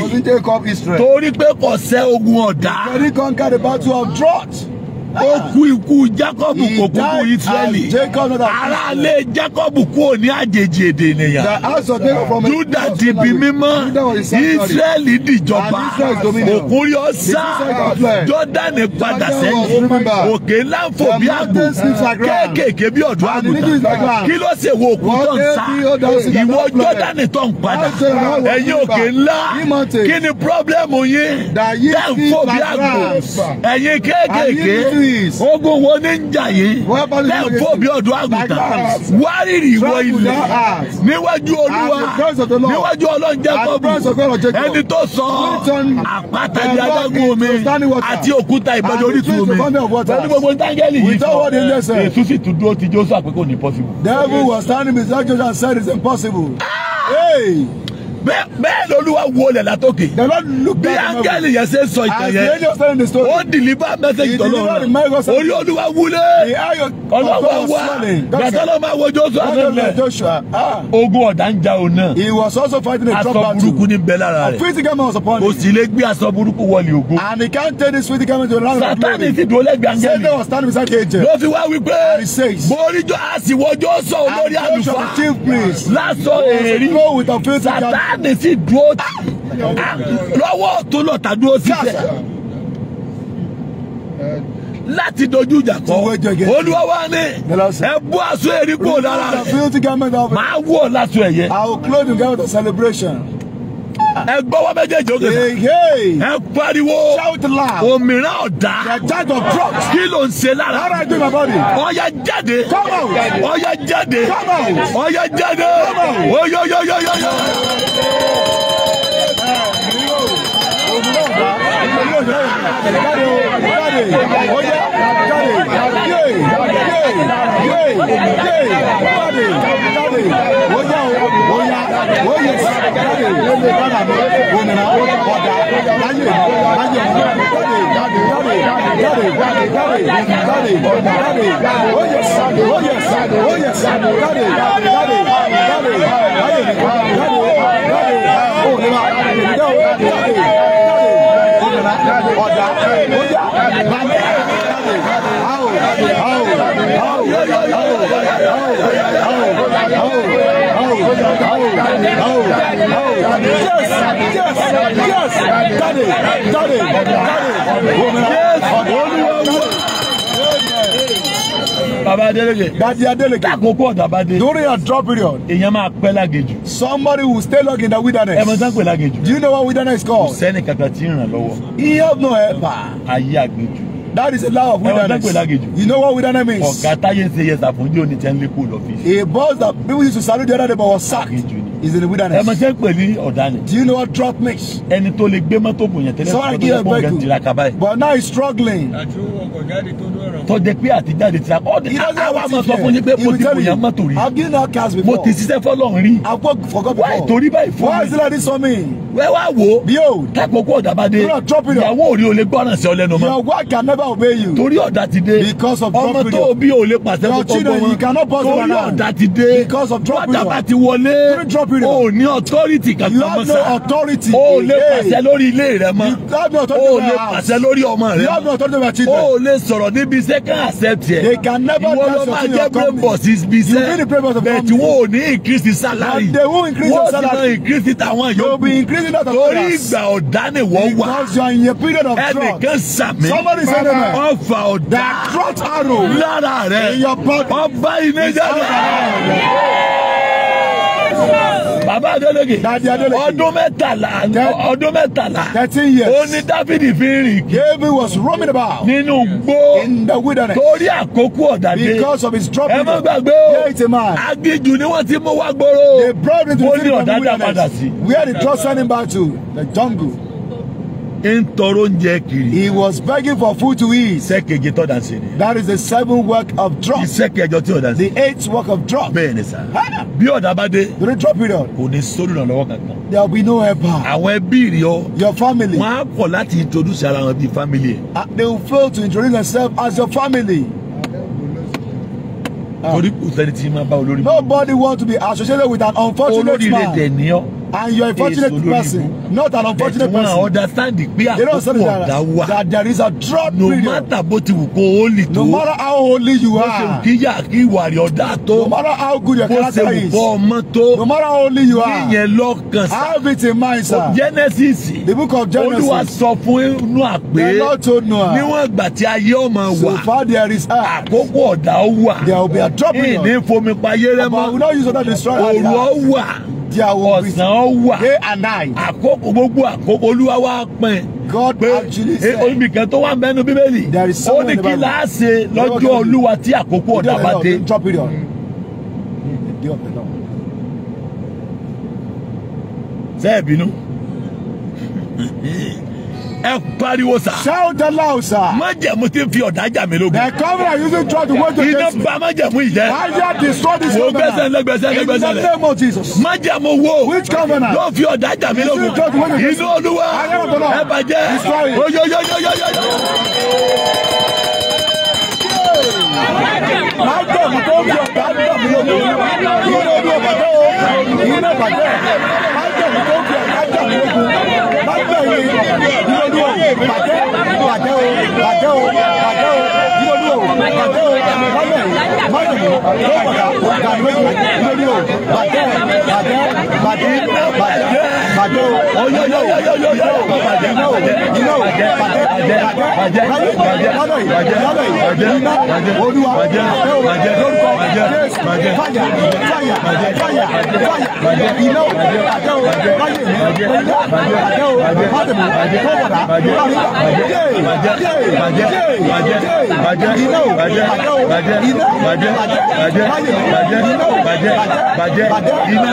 torí pé kò ṣẹ́ ogun ọ̀dá ó kú ikú jacobu kò kú ikú israeli aráalé jacobu kú òní àjèjì èdè ènìyàn juda di bí mímọ́ israeli dìjọba òkúrí ọ̀sá jọ́dánì padà sẹ́yìn òkè láǹfò bí àgbò kéékèèké bí ọ̀dọ́ àgùntàn kí ló ṣe wo òkú tó ń sá ìwọ jọ́dánì tó ń padà ẹ̀yin òkè ńlá kí ni pírọ́blẹ́mù yín dẹ́ǹfò bí àgbò ẹ̀yin kéékèèké this. ogun wo ni ń jà yìí. what about the people. lẹ́ẹ̀fọ́ bí ọ̀dọ́ àgùntàn. wárìrì ìwọ ilẹ̀. níwájú olúwa níwájú ọlọ́run jẹ́kọ̀bù. ẹni tó sọ àpáta di adágún omi àti òkúta ìbọ̀dé orísun omi. pẹ̀lú gbogbo tángẹ́lì yìí sọ ètú sì tún dúró ti Jósù àpékò ní possible. devil was standing beside Joshua and said it's impossible. Ah! Hey! bẹ́ẹ̀ lolúwa wọlé látòkè bí áńgẹ́lì yẹn ṣe sọ ìtàn yẹn ó deliver message to He tọ́lọ́ orí olúwa wúlé ọlọ́wọ́ wá gbàtọ́lọ́ máa wo Joshua lẹ́lẹ̀ ah. ogun ọ̀dà ń ja òun náà aṣọ burúkú ní bẹ́ẹ̀ lára rẹ̀ kò sì lè gbé aṣọ burúkú wọlé ogun Sátánì ti dúró lẹ́gbẹ̀ẹ́ áńgẹ́lì ló fi wá wípé borí jọ àsìwọ́jọ́ sọ olórí àlùfáà lásọ èrè Sátánì jáde sí dúró lọ́wọ́ tó lọ́ta dúró síbẹ̀ láti dojú ìjà kọ olúwa wa ni ẹ bú aṣọ erí kúrò lára rẹ máa wọ lásọ ẹyẹ. I will clothe you with a celebration ẹ gbọ́wọ́ méjèèjì òkè náà ẹ pariwo òmíràn ọ̀dà kí ló ń ṣe lára ọ̀yà jáde ọ̀yà jáde ọ̀yà jáde oyoyoyoyoyo. Oye, oye, oye, oye, oye, oye jáde lóde dára mi òmìnira ọ̀dà láyé láyé jáde jáde jáde jáde jáde jáde jáde oyè sàdé oyè sàdé oyè sàdé jáde jáde jáde láyé mi jáde jáde òmìnira ènìyàn jáde jáde òmìnira ọ̀dà ọjà bàmí jáde áwò áwò áwò áwò áwò áwò áwò. Baba Adeleke. Dadi Adeleke. Dàkún kú ọ̀dà bá dé. During your drop period. Èèyàn máa pẹ́ lágejù. Somebody will stay long in the wilderness. Ẹ̀mọ̀ sá ń lágejù. Do you know what wilderness is called? Sẹ́ni kàkà tí ń ràn lọ́wọ́. He help no helper. Ayé àgbejù that is a law of wilderness. you know what wilderness means. ọ̀gá táyé ń ṣe yẹsà fún jíò ní tẹ́ńlẹ́kù lọ́fíìsì. a boss that people used to salute the other day but was sacked is in the wilderness. ẹ mọ̀ ṣe ń pè ní ọ̀daràn. do you know what drop makes. ẹni tó lè gbé mọ́tò bòyàn tẹ́lẹ̀ fún ọdún ọgbọ̀n gẹ̀ tiraka báyìí. but now he's struggling. àti owó ọkọ̀ jáde tó dọ̀rọ̀. tọ́jẹ́ pé àtijáde tiraka ọ̀dẹ̀ àwa máa sọ fún yín pé mo ti bòyàn mọ́tò rí. I've given out cars before. mo ti ṣiṣẹ́ fọlọ́run rí. I work for God before. why torí báyìí fún mi. why is it like this for me. wẹ́ẹ́ wá wò. be old. kápọ̀kú ọ̀dà bá dé. ìyàwó òrí olè gbọ́ràn sí ọlẹ́nu mọ́. your work can never obey you. torí ọ̀dà ti because of drop period. ọmọ children you cannot pass over now. torí ọ̀dà because of drop period. wàtàbà ti wọlé. torí spirit. o ní authority kankan mọ́ sá. you have no authority. o lè pàṣẹ lórí ilé rẹ mọ́. you have no authority over your house. o lè pàṣẹ lórí ọmọ rẹ mọ́. you have no authority over your children. o lè sọ̀rọ̀ níbi iṣẹ́ ká accept yẹ. they can never trust your children. ìwọ ló máa jẹ́ brain you be the brain of the company. bẹ̀ẹ̀ tí wọn increase the salary. and they will increase your salary. wọ́n ti máa increase it àwọn yòókù. you will be increasing that of others. torí ìgbà ọ̀dánìwọ̀ wà. because you are in a period of drought. ẹnìkan sàmì. somebody say amen. ọfà ọ̀dà. that drought arrow. lára rẹ. in your body. ọba iná jáde. Yeah bàbá Adélèké ọdún mẹ́tàlá ọdún mẹ́tàlá ó ní Dáfídì fi ń rìn kí nínú gbó torí àkókò ọ̀dàdé ẹ má gbàgbé o aginjù ni wọ́n ti mú wá gbòòrò ó ní ọ̀dàdà padà sí. Where the trust sent him back to the jungle ń tọrọ oúnjẹ kiri. he was begging for food to eat. iṣẹ́ keje tó dà sí ni. that is the seven work of drop. iṣẹ́ kẹjọ tí o dà sí. the eight work of drop. bẹ́ẹ̀ ni sá. bí ọ̀dà bá dé. during drop period. kò ní sólù lọ́wọ́ kankan. there will be no help. àwọn ẹbí rí ọ. your family. wọ́n á kọ̀ láti introduce ara wọn bíi family. Uh, they will fail to introduce themselves as your family. Ah. torí kò sẹ́ni tí ma bá olórí. nobody want to be associated with an unfortunate man. olórí rẹ̀ dẹ̀ ní ọ and you are a fortunate person not an unfortunate person. but understand the àkókò ọ̀dà wa that there is a drought no period. no matter bó ti wù kó holy tó. no matter how holy you are. bó ṣe kí yà kí ìwà rẹ̀ ọ̀dà tó. no matter how good your character is. bó ṣe wù kó ọmọ tó. no matter how holy you are. níyẹn lọ́kàn sá. have it in mind sir. Genesis. the book of Genesis. Olúwa sọ fún Noah pé. the Lord told Noah. níwọ̀n ìgbà tí ayé ọmọ wà. so far there is earth. àkókò ọ̀dà ó wà. there will be a drought period. ìní fomi pa yẹrẹ mọ́. but we no use other destroyer. òru ó wà there will be ọ̀sán wà day and night. àkókò gbogbo àkókò olúwa wa pin. God actually e said. Olùbí kan tó wà mẹ́nu Bíbélì. There is someone in the Bible. Ó ní kí láá ṣe lọ́jọ́ olúwa tí àkókò ọ̀dà bá dé. Ọjọ́ period. The day of the Lord. Ṣé ẹ bínú? ẹ pariwo sa. shout aloud sa. májẹ̀mú ti fi ọ̀dà jà mí lógun. the governor using drug to go to jail. iná ba májẹ̀mú yìí jẹ́. fire destroy this governor. wo gbẹ́sẹ̀ lẹ́gbẹ́sẹ̀ lẹ́gbẹ́sẹ̀ lẹ́. in the name of Jesus. májẹ̀mú wo. which governor. ló fi ọ̀dà jà mí lógun. inú olúwa ẹ bàjẹ́. destroy it. oyoyoyoyoyo májẹ̀mú tó fi ọ̀gá ń dàbí lóko yìí ló ní ọ̀gá tó yìí ló bàjẹ́. Ethiopia kájà lóògùn bàbá yìí ìrọ̀lúwọ̀ bàjẹ́ bàjẹ́ o bàjẹ́ o bàjẹ́ o ìrọ̀lúwọ̀ bàjẹ́ o bàbá yìí májèlé yóò padà ọ̀gá lóògùn ìrọ̀lúwọ̀ bàjẹ́ bàjẹ́ bàjẹ́ bàjẹ́ bàjẹ́ o ọ̀yọ̀yọ̀ ìrọ̀lúwọ̀ bàjẹ́ ìrọ̀lúwọ̀ bàjẹ́ bàjẹ́ bàjẹ́ bàjẹ́ bàbá yìí bàbá yìí bàjẹ́ iná olúwa bàjẹ́ o lórúkọ bàjẹ́ fàyà fàyà fàyà fàyà iná àjẹ o láyé mi iná àjẹ o fàtẹ̀mù tó wàdà lórí àjẹ àjẹ àjẹ àjẹ iná o àjẹ o iná àjẹ àjẹ láyé mi iná o àjẹ àjẹ iná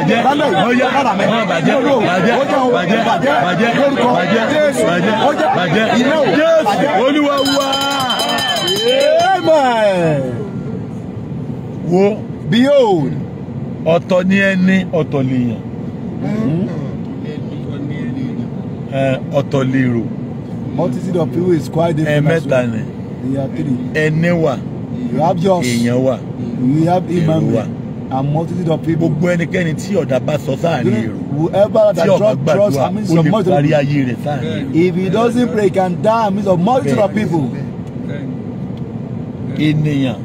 àjẹ lálẹ́ ìmọ̀ọ́yá lára mi bàjẹ́ o bàjẹ́ o jẹ́ o bàjẹ́ bàjẹ́ lórúkọ jésù o jẹ́ bàjẹ́ iná o jésù olúwa wá. Amen. Wo. Behold, ọ̀tọ̀ ni ẹni ọ̀tọ̀ lèèyàn ọ̀tọ̀ lèrò multitude of people is quite different. ẹ̀mẹ́ta ni ẹni wà èèyàn wà èrò wà and multitude of people. gbogbo ẹnikẹ́ni tí ọ̀dà bá sọ sáàrin èrò tí ọba gbàdúrà ó lè parí ayé rẹ̀ sáàrin if he doesn't pray he can die amidst of multitude of people. ènìyàn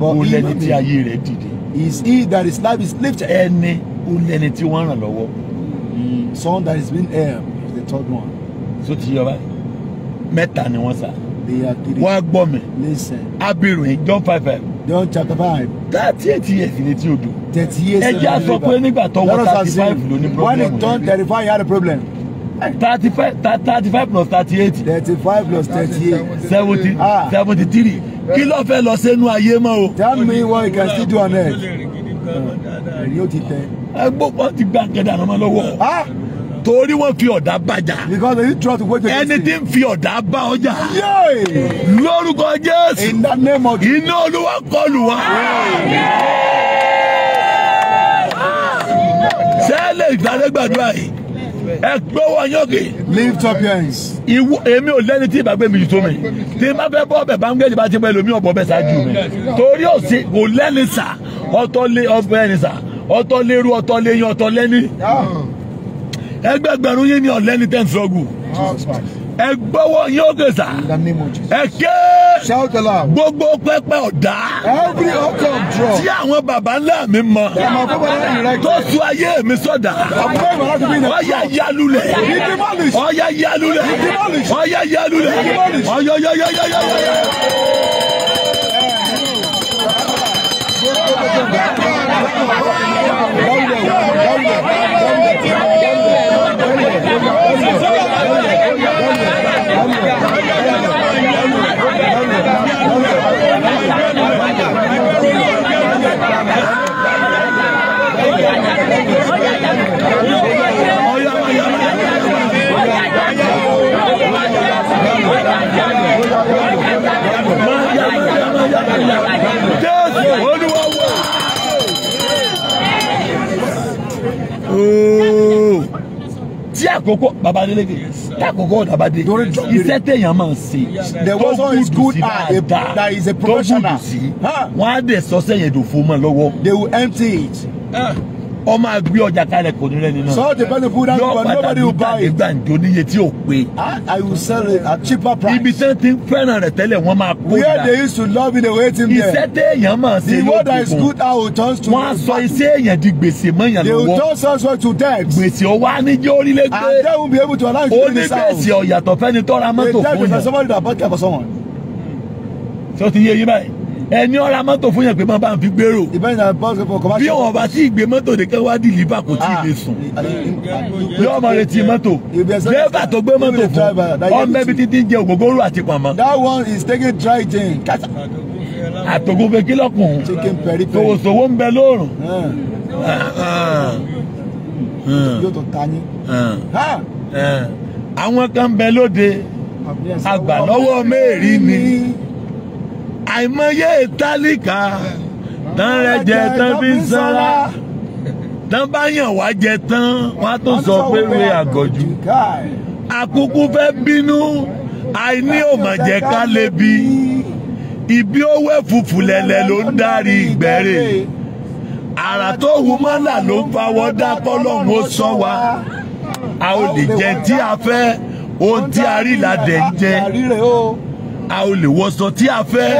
ó lẹ́ni tí ayé rẹ̀ dìde is he that his life is lifted ẹni ó lẹni tí wọ́n ràn lọ́wọ́ mm. son that is being helped um, is the third one. so ti yọ báyìí mẹ́ta ni wọ́n sá wọ́n á gbọ́ mi abirin John five five. John chapter five. thirty eight years ni ti o do. thirty years ẹ jẹ́ àsọ pé nígbà tó wọ́n thirty five ló ní problem. when he turned thirty five You had a problem. thirty five thirty five plus thirty eight. thirty five plus thirty eight. seventy ah. seventy three kí ló fẹ́ lọ sẹ́nu ayé mọ́ o. tell me what you can still do on earth. ẹ̀yin ó ti tẹ. ẹgbẹ́ wọn ti gba kẹ̀dà àmọ́ lọ́wọ́. torí wọn fi ọ̀dà bàjá. because they need trust to wait against you. ẹni tí ń fi ọ̀dà bá ọjà. lórúkọ jésù. in the name of Jesus. iná olúwa kọlù wa. sẹ́lẹ̀ ìgbàlẹ́gbàdúrà yìí ẹ gbé wọn yọ̀gì. lift up your hands. ìwọ èmi ò lẹ́ni tí ìbàgbé mi tó mi tí má fẹ́ bọ́ ọbẹ̀ báńgẹ́lì bá ti bọ́ ẹlòmíì ọ̀bọ̀ bẹ́ẹ̀ ṣáájú mi torí òsì kò lẹ́ni sà ọ̀tọ̀ lé ọbẹ̀ ẹni sà ọ̀tọ̀ lérú ọ̀tọ̀ léyìn ọ̀tọ̀ lẹ́ni ẹgbẹgbẹ̀rún yín ni ọ̀lẹ́ni tẹ́ ń sọ́gù ẹ gbọ́wọ́ yín òkè sá ẹ ké gbogbo pẹpẹ ọ̀dá tí àwọn baba ńlá mi mọ tó sọ ayé mi sọ̀dà ọ̀yà yálulẹ̀ ọ̀yà yálulẹ̀ ọ̀yà yálulẹ̀ ọ̀yọ̀yọ̀yọ̀yọ̀yọ̀. Down there, down there. Jésù Olúwa wà. tí àkókò baba deleke tí àkókò ọ̀dà bá dé iṣẹ́ téèyàn máa ń ṣe tó kú dùsí dáadáa tó kú dùsí wọ́n á dẹ̀ sọ́sẹ́ yẹn dòfo mọ́ lọ́wọ́. they will empty it. Uh ọ máa gbé ọjà kalẹ̀ kò ní lẹ́ni náà. so the penny put down but nobody will buy it. yọ padà gbàǹjo níye tí o pe. Ah, i will sell it at cheaper price. ibi tí wọ́n ti ń fẹ́ràn rẹ̀ tẹ́lẹ̀ wọ́n máa kó ìlà. where they used to love in a waiting there. iṣẹ́ téèyàn máa ṣe lókùnkùn. the water is good how will turns to. wọ́n á sọ iṣẹ́ èèyàn di gbèsè mọ́yàn lọ́wọ́. they will turn sunscreen to debt. gbèsè ó wá ní jẹ́ orílẹ̀ gbé. and they will be able to allow you to the out. ó ní bẹ́ẹ̀ ọ̀yàtọ̀ fẹ́ni tọ́ra mọ́tò fún yàn. somebody that bought car for someone. ṣé o ti yé ẹni ọ̀ra mọ́tò fún yàn pé máa bá ń fi gbèrò bí wọn bá tí ìgbé mọ́tò de kẹ́ wá dìlíbà kò tí ì lè sùn yọ ọmọ rẹ ti mọ́tò dẹ́fà tó gbé mọ́tò fún ọmọ ẹbí títí ń jẹ ògógóró àti pàmò. that one is taking dry gin. àtògùnfẹ kílọ̀kùn tòwòsòwò ń bẹ lóòrùn. àwọn kan bẹ lóde àgbà lọ́wọ́ mẹ́rin ni àìmọye ìtálíkà tán rẹ jẹ tán fi ń sanra tán bá yàn wá jẹ tán wọn á tó sọ pé wé àgọ̀jù àkúkú fẹ́ bínú àìní òmọ̀jẹ̀ ká lè bi ibi owó ẹ̀fùfù lẹ̀lẹ̀ ló ń darí ìgbẹ́rẹ́ àrà tó hu mọ́là ló ń fawọ́ dákọ́ lọ́hùn ó sọ wa a ò lè jẹ tí a fẹ́ ohun tí a rí la dẹ̀ ń jẹ. a ò lè wọṣọ tí a fẹ́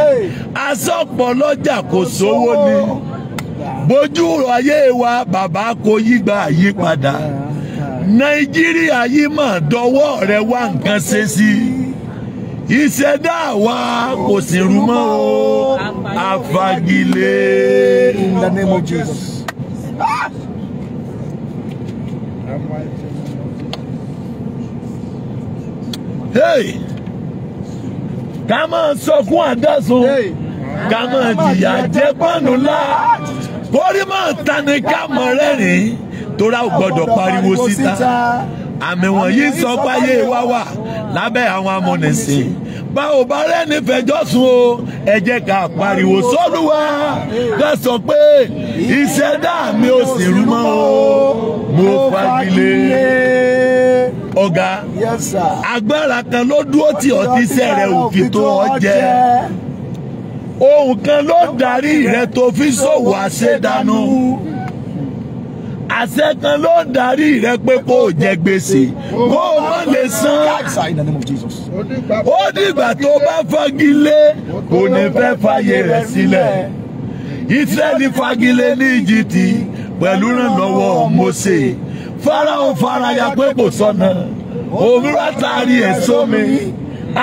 asọ́pọ̀ lọ́jà kò sówó ni bójú ayé wa bàbá kò yígbà àyípadà ah, ah. nàìjíríà yìí mà dọwọ́ rẹ wá nǹkan ṣe sí i ìṣẹ̀dá wa kò sì rú mọ́ o àfagilé. In Hey! ká máa sọkún àdásùn ká máa la, jẹ pọ́nù ńlá kórìí máa ni ká mọ̀ rẹ́rìn-ín tó pariwo síta àmì wọ̀nyí ń sọ páyé wa wà lábẹ́ àwọn amúnisìn bá ò bá rẹ́ni fẹjọ́ sùn o ẹ jẹ́ ká pariwo sọ́lúwa ká sọ pé ìṣẹ̀dá mi ò sì rú mọ́ o mo fagilé ọ̀gá agbára kan ló dúró tí ọtí iṣẹ́ rẹ̀ ò fi tó ọ jẹ ohun kan ló darí rẹ̀ tó fi ṣòwò àṣedànù àṣẹ kan ló ń darí rẹ pé kó o jẹ gbèsè kó o má lè san ó dìgbà tó bá fagilé kò ní fẹ́ fàyè rẹ̀ sílẹ̀ Ísírẹ́lì fagilé ní Íjíbítì pẹ̀lú ìrànlọ́wọ́ Mósè Fáráò faraya pé kò sọ́nà òwúrọ̀ tari ẹ̀ sómi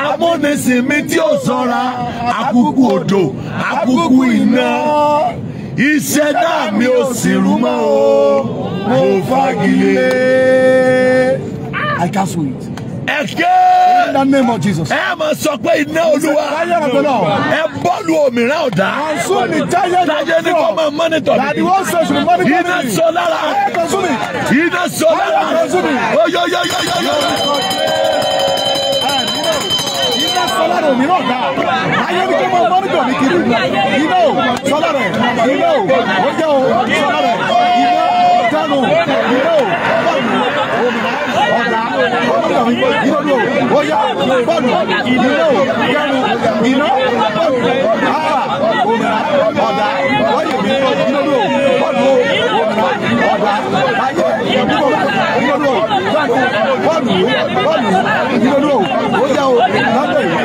amúnisìn mi tí ò sọ́ra àkúkú odò àkúkú iná iṣẹ́ náà mi ò sì rú mọ́ o mo fagilé. I cancel it. Ẹ̀kẹ́. In the name of Jesus. Ẹ máa sọ pé iná olúwa. Fire of the Ẹ bọ́ọ̀lù òmìrán ọ̀dá. Consume the giant of the floor. ni kò máa mọ́nítọ̀ mi. That the one says you monitor me. Iná sọ lára. Fire consume it. Iná sọ lára. Fire consume it. Oyoyoyoyoyo ẹ̀rọ mìíràn gbà ayé ni kó máa mọ́nìtò mi kiri iná o sọ́lá rẹ̀ iná o ó jẹ́ o sọ́lá rẹ̀ iná tẹ́nu iná o ọ̀gá ọ̀gá mi iná o ó yá bọ́ọ̀lù iná o tẹ́nu iná bọ́ọ̀lù àbà òmìnira ọ̀gá ọ̀yẹ̀ mi iná o bọ́ọ̀lù òmìnira ọ̀gá ayé ìdíbò iná o bọ́ọ̀lù bọ́ọ̀lù iná o ó yá o lábẹ́ yìí.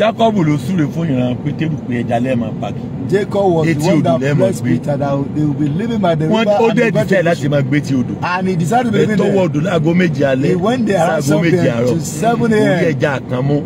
Jacob ló súre fún ìran Pétérù pé ẹja lẹ́ẹ̀mọ pàkì. Jacob was the one that blessed Peter that they will be living by the river and Wọ́n ó dẹ́ dísẹ́ láti máa gbé ti odò. And he decided to live in there. Ètò ọdún láago méje alẹ́. He went there around seven pm to seven am.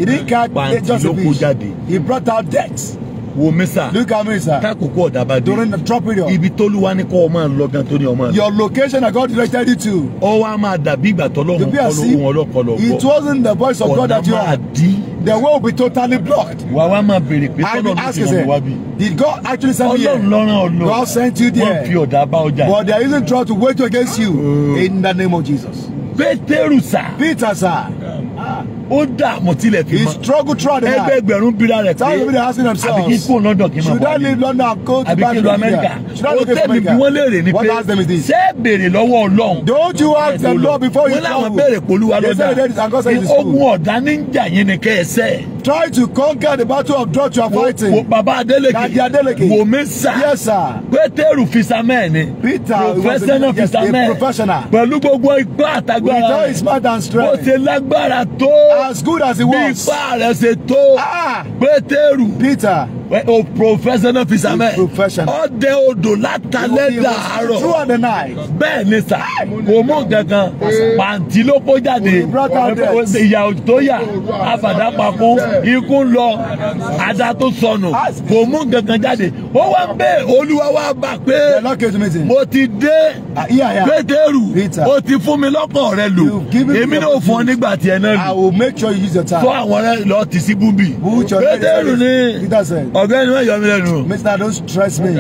He didn't catch just a fish. He brought out debts wo mi sà. look at me sà. kákòókò dé. during the drop period. ibi tólúwa ní kọ́ máa lọ gan tó ní ọmọ. your location that God directed you to. ọ wá máa dàbí ìgbà tọ́lọ́run kọ́ lóhun ọlọ́kọlọ gbọ́. it wasn't the voice of God that you heard. ọ̀nà máa dí the way will be totally blocked. Wà wá máa béèrè pé sọ́dọ̀ ló ti ràn wá bí. Did God actually send you here? Ọlọ́run lọ́ràn ọ̀nà. God sent you there. Wọ́n fi ọ̀dà bá ọjà. But there isn't trust to wage against you. Oh. in the name of Jesus. Peter, sir. Peter sà. Ah ó dààmú tilẹ̀ kì í mọ. he struggle through the night. ẹgbẹ́ ẹgbẹ̀rún bira rẹ̀ pé àbí kí kó London kì í mọ̀ bọ́ọ̀lù yìí àbí kí lọ Amẹ́ríkà ó tẹ̀mí bí wọ́n léèrè ni pé ṣé béèrè lọ́wọ́ Ọlọ́run. don't you ask them law before you travel. wọ́n láwọn béèrè polúwa lọ́dà ogun ọ̀dà ní jà yín ni kẹ́ ẹ sẹ́. try to conquer the battle of drought you are fighting. wo baba Adeleke dadi Adeleke wo mi sa. yes sir. Pétérù fisherman ni. a professional as good as he was. bí ipá rẹ̀ ṣe tó. Ah. pétérù. peter o professional fisherman ọdẹ odò látàlẹ́ dàárọ̀ bẹ́ẹ̀ ni sà kò mú kankan pàǹtí ló kó jáde ìyà tó yà àfàdà pakú ikú lọ ada tó sọnù kò mú kankan jáde ó wá ń bẹ olúwa wá bá pé mo ti dé ah, pétérù o ti fún mi lọ́kàn rẹ lò èmi náà fún ọ nígbà tí ẹ náà lò fún àwọn rẹ lọ tì sí búbì pétérù ni ọ̀gbẹ́ni wọ́n yọ mi lẹ́nu. Mr. don't stress me.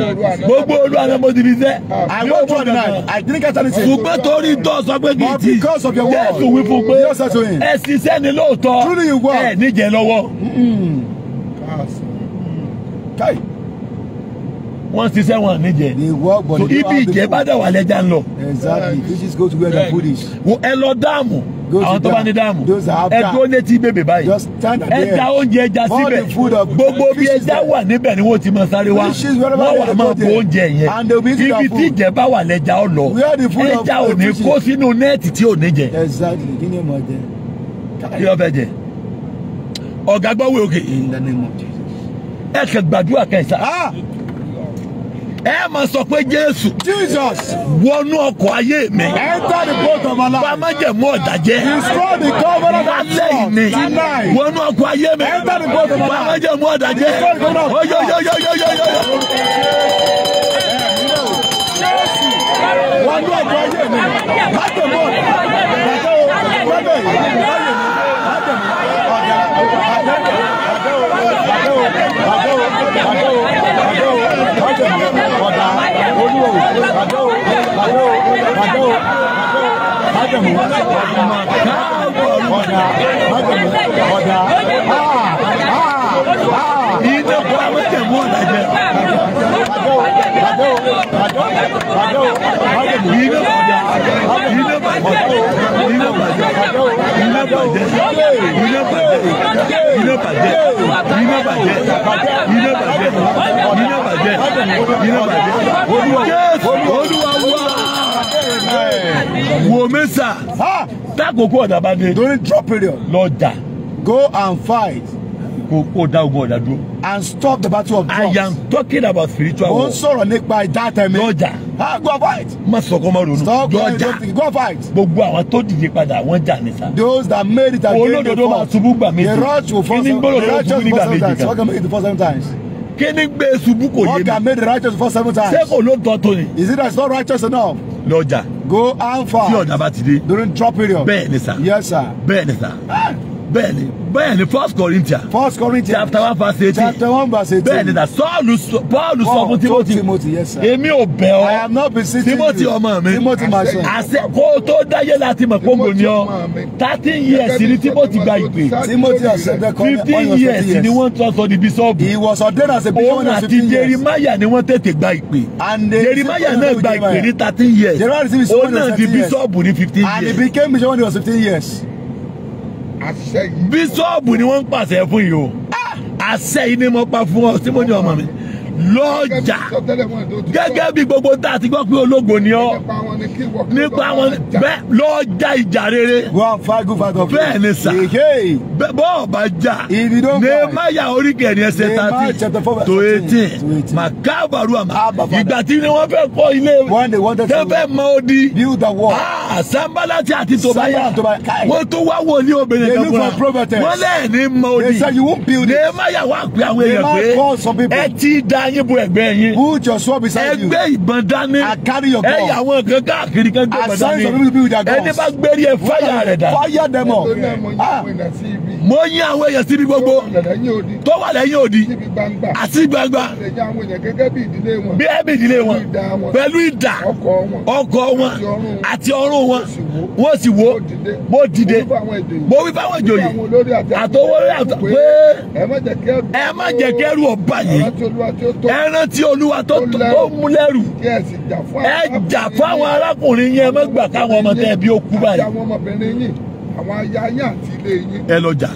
gbogbo olú àná mo ti fi fẹ́. I won't do that. I didn't get anything. ṣùgbọ́n torí tó sọ pé kì í ti. but because of your word. Jésù wí fún pé ẹ ṣiṣẹ́ ni lóòótọ́ ẹ níjẹ lọ́wọ́. Mm. Kai wọ́n ṣiṣẹ́ wọn níjẹ so ibi ìjẹ bá dà wà lẹ́jà ń lọ. go to where the food is. wo ẹ lọ dáàmù àwọn tó bá ní dáàmù ẹ dúró létí bèbè báyìí ẹ da oúnjẹ ẹja síbẹ̀ gbogbo bí ẹja wà níbẹ̀ ni wọ́n ti máa sáré wá wọ́n wà máa bo oúnjẹ yẹn ibi tí ìjẹ bá wà lẹ́jà ọ lọ ẹja ò ní kó sínú nẹ́ẹ̀tì tí ò ní jẹ. exactly kí ni mo jẹ. kí ló fẹ́ jẹ ọ̀gá gbọ́ wí òkè. in the name of Jesus ẹ kẹ gbàdúrà kẹsà ah! ẹ máa sọ pé jésù Jesus wọnú ọkọ̀ ayé mi enter the boat of Allah. life bá mú ọ̀dàjẹ́ destroy the covenant of my life wọnú ọkọ̀ ayé mi enter the boat of my life bá má jẹ̀ mú ọ̀dàjẹ́ oyoyoyoyoyoyo. wọnú ọkọ̀ ayé mi má jẹ̀ mú ọ̀dàjẹ́ o. Olúwa wa wò mí sà tákòókò ọ̀dà bá dé. during drop period. lọ go and fight. kò kó ogun ọ̀dà dúró. and stop the battle of drugs. I am talking about spiritual war. mo ń sọ̀rọ̀ nípa ìdátẹ̀mí. lọ ha go fight. má sọ kó ronú. stop going to go fight. gbogbo àwọn tó dìde padà wọ́n jà ní sà. those that made it again dey fall. the rush will fall some the rush will fall sometimes. so make it the first seven times kíni gbé ṣubú kò yé mi. God made the righteous for seven times. ṣé kò ló tọ́ ni. is it that it's not righteous enough. lọ́jà go and far. during drop period. bẹ́ẹ̀ ni sà. yes sir bẹ́ẹ̀ni bẹ́ẹ̀ni first corinthians first corinthians chapter one verse eighteen chapter one verse eighteen bẹ́ẹ̀ni na sọ́ọ̀lù paul sọ fún timothy timothy yes sir èmi ò bẹ̀ ọ́ i am not visiting timothy ọmọ mi timothy my son àṣẹ kó tó dáyé láti mọ̀ kóńgò ni ọ́ thirteen years ni timothy gba ìpè timothy accepted calling fifteen years ni wọ́n tọ́ sọ di bísọ́ọ̀bù he was ordained as a bishop in fifteen years òun àti jeremiah ni wọ́n tètè gba ìpè jeremiah náà gba ìpè ní thirteen years òun náà di bísọ́ọ̀bù ní fifteen years and he became bishop when he was fifteen years bíṣọ́ọ̀bù ni wọ́n ń pàṣẹ fún yìí o ah! àṣẹ yìí ni mo pa fún ọ sí mo ní ọmọ mi lọ́jà gẹ́gẹ́ bí gbogbo tá a ti gbọ́ pé ológo ni ọ́ nípa wọn bẹ́ẹ̀ lọ́jà ìjà rere bẹ́ẹ̀ ni sà bọ́ọ̀ bá jà Némáyà oríkèé ni ẹsẹ̀ thirty to eighteen màkàbàrú àmà ah, ìgbà tí ni wọ́n fẹ́ kọ́ ilé tẹ́ fẹ́ mọ odi ah, Sanbalati àti Tòbáyà wọ́n tó wá wò ní obìnrin kan fúnra wọ́n lẹ́ẹ̀ ní mọ odi Némáyà wà pé àwọn èèyàn pé ẹ ti da ara yín bu ẹgbẹ́ yín. put your sword beside you. ẹgbẹ́ ìbọn dání. I carry your gun. ẹ yà àwọn kan káàkiri kan gbé dání. I send some people with their guns. ẹni bá gbérí ẹ fire rẹ̀ dà. fire them up. Ah mo yín àwọn èèyàn síbi gbogbo tó wà lẹ́yìn odi àti gbangba bí ẹbí ìdílé wọn pẹ̀lú idà ọkọ̀ wọn àti ọrùn wọn wọ́n sì wo mo dìde mo wí fáwọn ìjòyè àtọwọ́ pé ẹ má jẹ́ kẹ́rù ọba yìí ẹ rántí olúwa tó mú lẹ́rù ẹ jà fún àwọn arákùnrin yẹn ẹ má gbà káwọn ọmọ tẹ́ bí ó kú báyìí àwọn aya yín àti ilé yín. ẹ lọ jà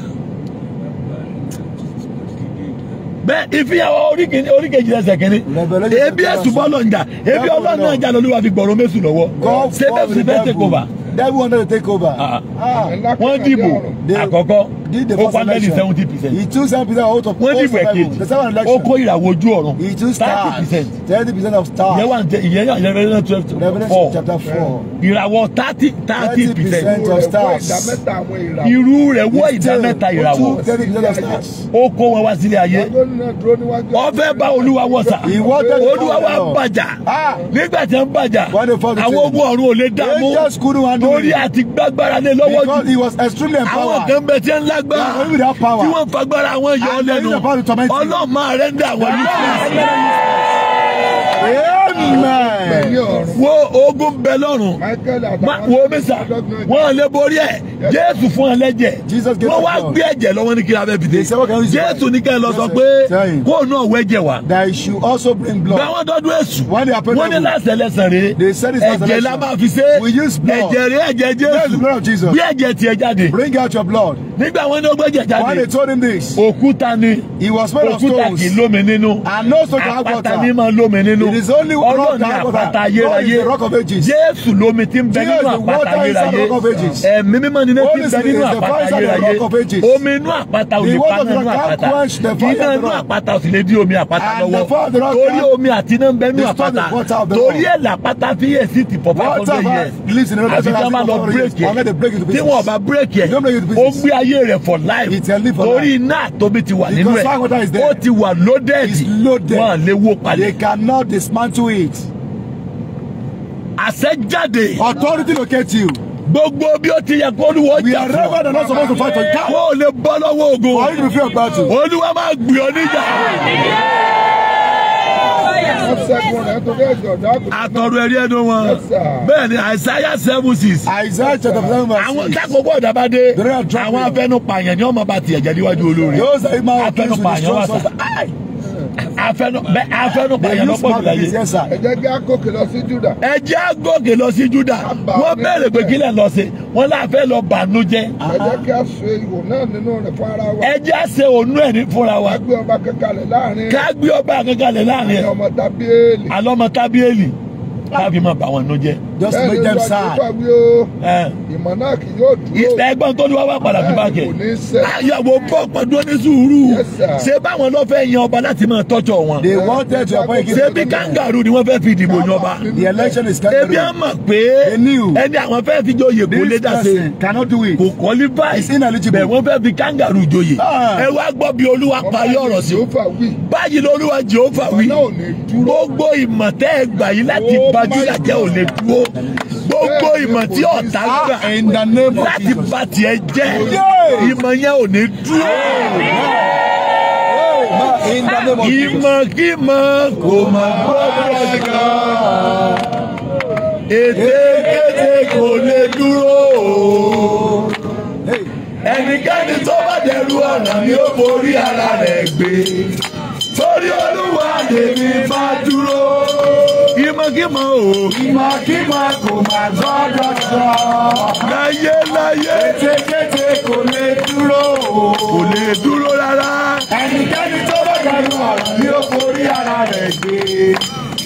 bẹ́ẹ̀ ìfihàn oríkejì oríkejì ẹsẹ̀ kìíní ebi ẹ̀sùn bọ́ọ̀lù ọ̀jà ebi ọlọ́run náà jà lóluwà fi gbọ̀rọ̀ mẹ́sùn lọ́wọ́ ṣé mẹ́sùn fẹ́ take over. devil wanted to take over. Ah. Ah. wọ́n dìbò àkọ́kọ́ did the first election. ó wá lẹ́yìn seventy percent. he took seventy percent out of all survivors. the second election. ó kó ìràwọ̀ ojú ọ̀run. he took stars thirty percent. thirty percent of stars. ìyẹn wà ní ìyẹn yà Revelation twelve four. Revelation chapter four. ìràwọ̀ thirty thirty percent. thirty percent of stars. irú rẹ̀ wọ ìdá He ìràwọ̀. thirty percent of stars. ó kó wọn wá sílé ayé. ó bá Olúwa wọ̀sà. Olúwa wá bàjà. Ah. nígbà tí wọ́n bàjà. àwọn ogun ọ̀run ò lè dààmú. torí àti gbàgbára lé lọ́wọ́ jù. àwọn kan bẹ tí ń lá agbára tí wọ́n fagbára wọn yọ ọ lẹ́nu ọlọ́ọ̀ máa rẹ́ńdà wọn ní fún un wo ogun bẹ lọ́run wo mẹ́sà wọ́n lè borí ẹ̀ jésù fún ọ lẹ́jẹ̀ wọ́n wá gbé ẹ̀jẹ̀ lọ́wọ́ ní kíra bẹ́ẹ̀ bìdé jésù ní kẹ́ ẹ lọ sọ pé kó o náà wẹ́jẹ̀ wá. bẹ́ẹ̀ wọ́n dọ́dún èṣù wọ́n ní láti ẹlẹ́sẹ̀ rẹ̀ ẹ̀jẹ̀ la máa fi ṣe ẹ̀jẹ̀ rẹ̀ ẹ̀jẹ̀ jésù bí ẹ̀jẹ̀ tiẹ̀ jáde nígbà wọn ní ó gbẹ́jẹ̀ jáde òkúta ni òkúta kì í lómi nínú àpáta ni máa lómi nínú ọlọ́run ní àpáta ayérayé jésù lómi tí ń bẹ nínú àpáta ayérayé ẹ̀mí mímọ́ ni ti ń bẹ nínú àpáta ayérayé omi inú àpáta ò lè paná inú àpáta iná inú àpáta ò sì lè dí omi àpáta lọ́wọ́ torí omi àti iná ń bẹ nínú àpáta torí ẹ̀ làpáta fi yẹ̀ sí ti pọ̀pá ọ̀dọ́ yẹ àti kí wọ́n máa lọ bírèkì ẹ̀ tí wọ́n bá bírèkì ẹ̀ ó gbé ayé rẹ̀ for life torí iná àtòmí ti wà nínú ẹ̀ ó ti wà loaded wọ́n lè wó palẹ̀. they cannot dismantle it spirit. Àṣẹ jáde. Authority locate you. Gbogbo bí ó ti yẹ kó olúwo jà fún. We are never the not supposed to fight for you. Kó o lè bọ́ lọ́wọ́ ogun. Why you to be free of battle. Olúwa máa gbìn ọ́ níjà. Àtọ̀rọ̀ ẹ̀rí ẹnu wọn. Bẹ́ẹ̀ni Isaiah seven six. Isaiah chapter seven verse six. Àwọn dákòókò ọ̀dàbà dé. Àwọn afẹnupààyàn ni wọ́n máa bá tiẹ̀ jẹ́ níwájú olórí. Yóò sẹ́yìn máa wọ́n kí n sùn ní afẹnu bẹ afẹnu pààyàn lọ́pọ̀ jù láyé. ẹ jẹ́ àgòkè lọ sí Júdà. ẹ jẹ́ àgòkè lọ sí Júdà. wọ́n béèrè pé kílẹ̀ lọ sí wọ́n náà fẹ́ lọ bànújẹ́. ẹ jẹ́ kí a ṣe ìwò náà nínú rẹ̀ fún ara wa. ẹ jẹ́ a ṣe ònú ẹ̀ ní fúnra wa. ká gbé ọba kankanlẹ̀ láàrin. ká gbé ọba tábíyèlì. tábíyèlì. káàbí bà wọn nú jẹ́ just make them sad. ìmọ̀ náà kì yóò dúró. ìfẹ́ ẹgbọ́n tó ní wá wà padà bí báńkì. ayàwó bọ́ pọ̀dúró ní ah, sùúrù. ṣé báwọn ló fẹ́ yan ọba láti máa tọ́jọ́ wọn. they want wanted to appoint him. ṣé bí kangaroo ni wọ́n fẹ́ fi ìdìbò yan ọba. the election is kangaroo. ebi á mọ̀ pé ẹni àwọn fẹ́ fi joyè kó lé dá sí. cannot do it. kò qualify. is ineligible. bẹ̀ wọ́n fẹ́ fi kangaroo joyè. Ah. ẹ wá gbọ́ bí olúwa parí ọ̀rọ̀ sí. báyìí lolúwa Jèhófà wí. gbogbo ìmọ̀tẹ́ ẹgbàá yìí láti oh bajúlà jẹ́ ò lè dúró gbogbo ìmọ̀ tí ọ̀tá gbà ah, láti bá tiẹ̀ jẹ́ ìmọ̀ yẹn ò ní dúró. ìmọ̀ kí mọ̀ kò mọ̀ gbọ́dọ̀ gan. ètè kété kò lè dúró. ẹnikẹ́ni tó bá dẹrù ọ̀nà ni ó borí ara rẹ̀ gbé. Torí Olúwa lèmi máa dúró. Ìmọ̀kímọ̀ o. Ìmọ̀kímọ̀ kò máa gbọ́dọ̀ sọ. Láyé láyé. Kétékété kò lè dúró o. Kò lè dúró rárá. Ẹnikẹ́ni tó bá dànù ọ̀rọ̀ ni ó forí ara rẹ̀ gbé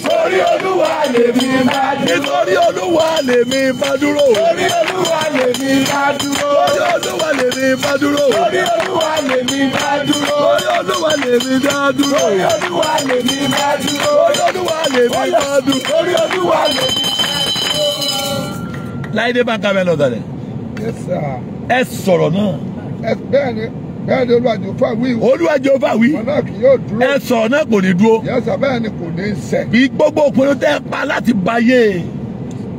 torí olúwa lèmi máa dúró. nítorí olúwa lèmi máa dúró. torí olúwa lèmi máa Orí Olúwa lèmi bá dúró. Orí Olúwa lèmi bá dúró. Orí Olúwa lèmi bá dúró. Orí Olúwa lèmi bá dúró. Orí Olúwa lèmi bá dúró. Orí Olúwa lèmi bá dúró. Láìdé bá kábẹ lọ́dọ̀ rẹ̀. Ẹ sọ̀rọ̀ náà. Ẹ bẹ́ẹ̀ ni bẹ́ẹ̀ ni olúwa jòfà wí. olúwa jòfà wí. ọ̀nà kì yóò dúró. ẹ sọ̀rọ̀ náà kò ní dúró. yẹ́sà bẹ́ẹ̀ ni kò ní í ṣẹ. bí gbogbo òpinnu tẹ́ pa láti báyé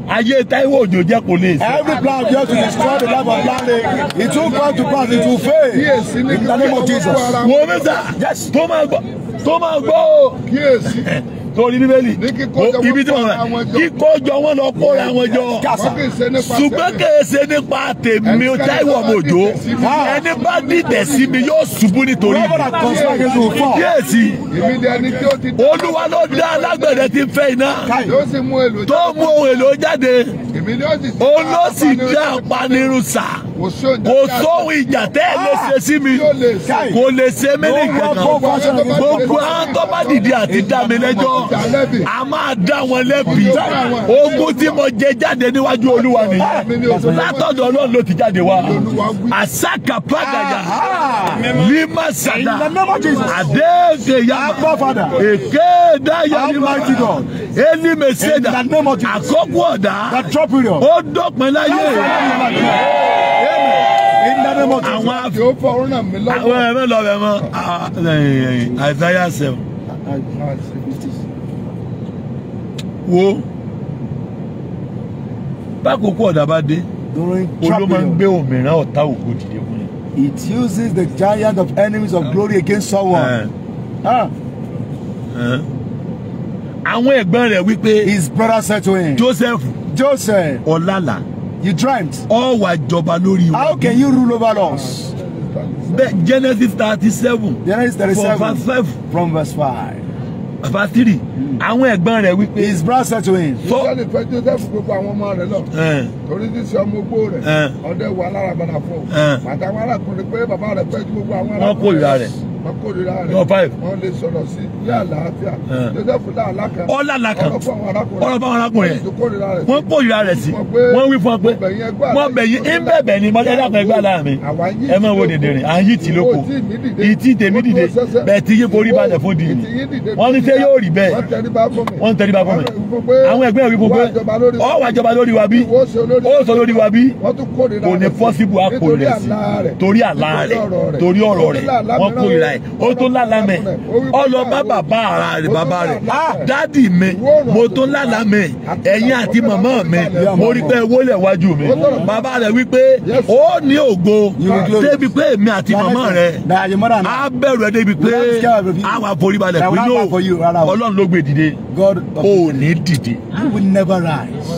ayé Táíwò Òjó jẹ́ kò lè every plan just to destroy the life of Lanre it will come to pass it will fail Yes, in the name of Jesus. wo mi sá tó máa gbọ́ tó máa gbọ́ o. torí bíbélì ibi tí wọn rà kíkó jọ wọn lọ kóra wọn jọ ṣùgbọ́n kèése nípa tèmi Táíwò Òjó ẹni bá dìtẹ̀ sí mi yóò ṣubú nítorí kíyèsí olúwa ló dá alágbẹ̀dẹ tí ń fẹ́ iná tó mú ohun èlò jáde òun ló sì dá apanirun sá kò sóhun ìjà tẹ́ ẹ lè ah, sí mi kò lè ṣe mí nìkan gbogbo àwọn dìde àti dá mi lẹ́jọ́ a máa dá wọn lẹ́bi ogun tí mo jẹ jáde níwájú olúwa nìyẹn ah, látọ̀dọ̀ ọlọ́run ló ti jáde wá àṣàkà pàgàyà ah, lima sada àdéhùnkèyà èké dáyà lima elimeseda àkókò ọ̀dà ó dọ̀pin láyé mọ̀ kí àwọn àfi ó náà mi lọ́wọ́ àwọn ẹ̀mẹ́ lọ bẹ̀ mọ́ ah, eh, àìsáyà sẹ́wọ̀n. wo bákòókò ọ̀dà bá dé olú máa ń gbé òmìnira ọ̀tá ògo dìde fún yẹn. it uses the giant of enemies of glory against someone. Eh. Ah. Eh. àwọn ẹ̀gbọ́n rẹ̀ wípé. his brother said to him. Joseph. Joseph. ọ̀làlà. You dreamt. Ó wá jọba lórí wa. How can you rule over us? Genesis 37, Genesis thirty From verse 5, From verse 5, Verse 3. Àwọn ẹ̀gbọ́n rẹ̀ wípé. His brother said to him. So. Jọ́sẹ̀ fẹ́ Joseph gbogbo àwọn ọmọ rẹ̀ lọ. Torí ti sọ ọmọ ogbó rẹ̀. Ọdẹ wà lára padà fún. Bàtà wọn arákùnrin pé bàbá rẹ̀ fẹ́ ju gbogbo àwọn arákùnrin rẹ̀. Wọ́n kórìíra rẹ̀ wọ́n kórìíra rẹ̀ wọ́n lè sọ̀rọ̀ sí ní àlàáfíà joseph làálà kan ọ̀làlà kan ọ̀rọ̀ fún àwọn arákùnrin rẹ̀ wọ́n kórìíra rẹ̀ sí wọ́n wí fún ọ pé wọ́n bẹ̀yìn ń bẹ̀bẹ̀ ni mọ́tẹ́ dàpọ̀ ẹgbẹ́ àlá mi ẹ máa wo dèdè rìn à ń yí ti lóko ìtì tèmi dìde bẹ́ẹ̀ ti yí borí balẹ̀ fún di mi wọ́n ní sẹ́ yóò rí bẹ́ẹ̀ wọ́n ń tẹríba fún mi àwọn ẹgbẹ́ wí fún ọ wà jọba lórí wa bí ó sọ lórí wa bí kò ní fọ́síbù àpò rẹ̀ sí torí àlá rẹ̀ torí ọ̀rọ̀ rẹ̀ wọ́n kórìíra ẹ̀ ó tún lálámẹ̀ ọ lọ bá bàbá ara rẹ̀ bàbá rẹ̀ dádì mi mo tún lálámẹ̀ ẹ̀yin àti màmá mi mo rí pé wọlé wájú mi bàbá rẹ̀ wípé ó ní ògo débi pé èmi àti màmá rẹ̀ á bẹ̀rù ẹ̀ débi pé àwọn àforíbalẹ̀ pé yóò ọlọ́run ló gbé dìde ò ní dìde. You will never rise.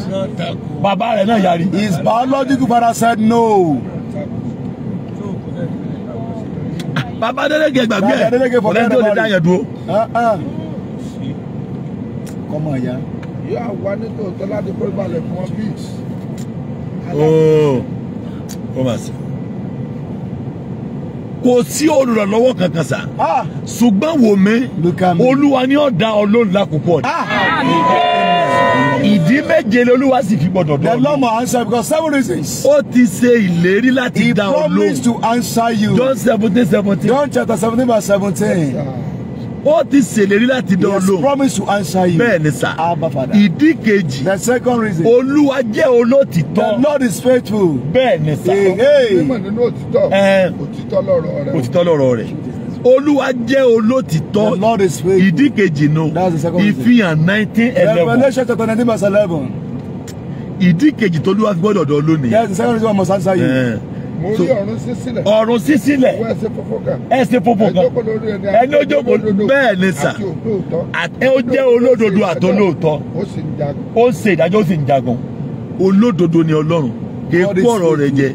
Bàbá rẹ̀ náà yarí. His biological father said no. bàbá Adéléké gbàgbé ẹ̀ ọ̀rẹ́ tó lè dáyẹ̀ dúró. Ah, ah. kọ́mọ ìyá. yóò àwa nítòótọ́ láti kó ìbàlẹ̀ fún wọn bíi. ó ó mà sí kò sí olùrànlọ́wọ́ kankan sá ah. ṣùgbọ́n wò mí olúwa ni ó da ọlọ́run lákòókò ọ̀dẹ ah. ìdí méje lolúwa sì fi gbọdọ̀ dọ̀. the Lord must answer because seven reasons. ó ti ṣe ìlérí láti dá ọ he promised to answer you. John seventeen seventeen. John chapter seventeen verse seventeen. Yes, ó ti ṣèlérí láti dán lóhùn. he has promised to answer you. bẹ́ẹ̀ ni sà. abba father. ìdí kejì. the second reason. olúwa jẹ́ olótìtọ́. the lord is faithful. bẹ́ẹ̀ ni sà. mímọ̀ nínú òtítọ́. òtítọ́ lọ̀rọ̀ rẹ̀. òtítọ́ lọ̀rọ̀ rẹ̀. Olúwa jẹ́ olótìtọ́ ìdí kejì nù ìfihàn nineteen eleven. Revelation chapter nineteen verse eleven. Ìdí kejì tó lúwa fi gbọ́dọ̀ dán lónìí. Yes, the second reason I must answer you. Uh, mo rí ọ̀run sísílẹ̀. ọ̀run sísílẹ̀. wọ́n ẹsẹ̀ fọ́fọ́ kan. ẹsẹ̀ fọ́fọ́ kan. ẹjọ́kọ̀ lórí ẹni àti olódodo. bẹ́ẹ̀ ni sà. àti olóòótọ́. àti ó jẹ́ olódodo àti olóòótọ́. ó sì ń jagun. ó ń ṣe ìdájọ́ ó sì ń jagun. olódodo ni ọlọ́run kì í kó ọ̀rọ̀ rẹ̀ jẹ.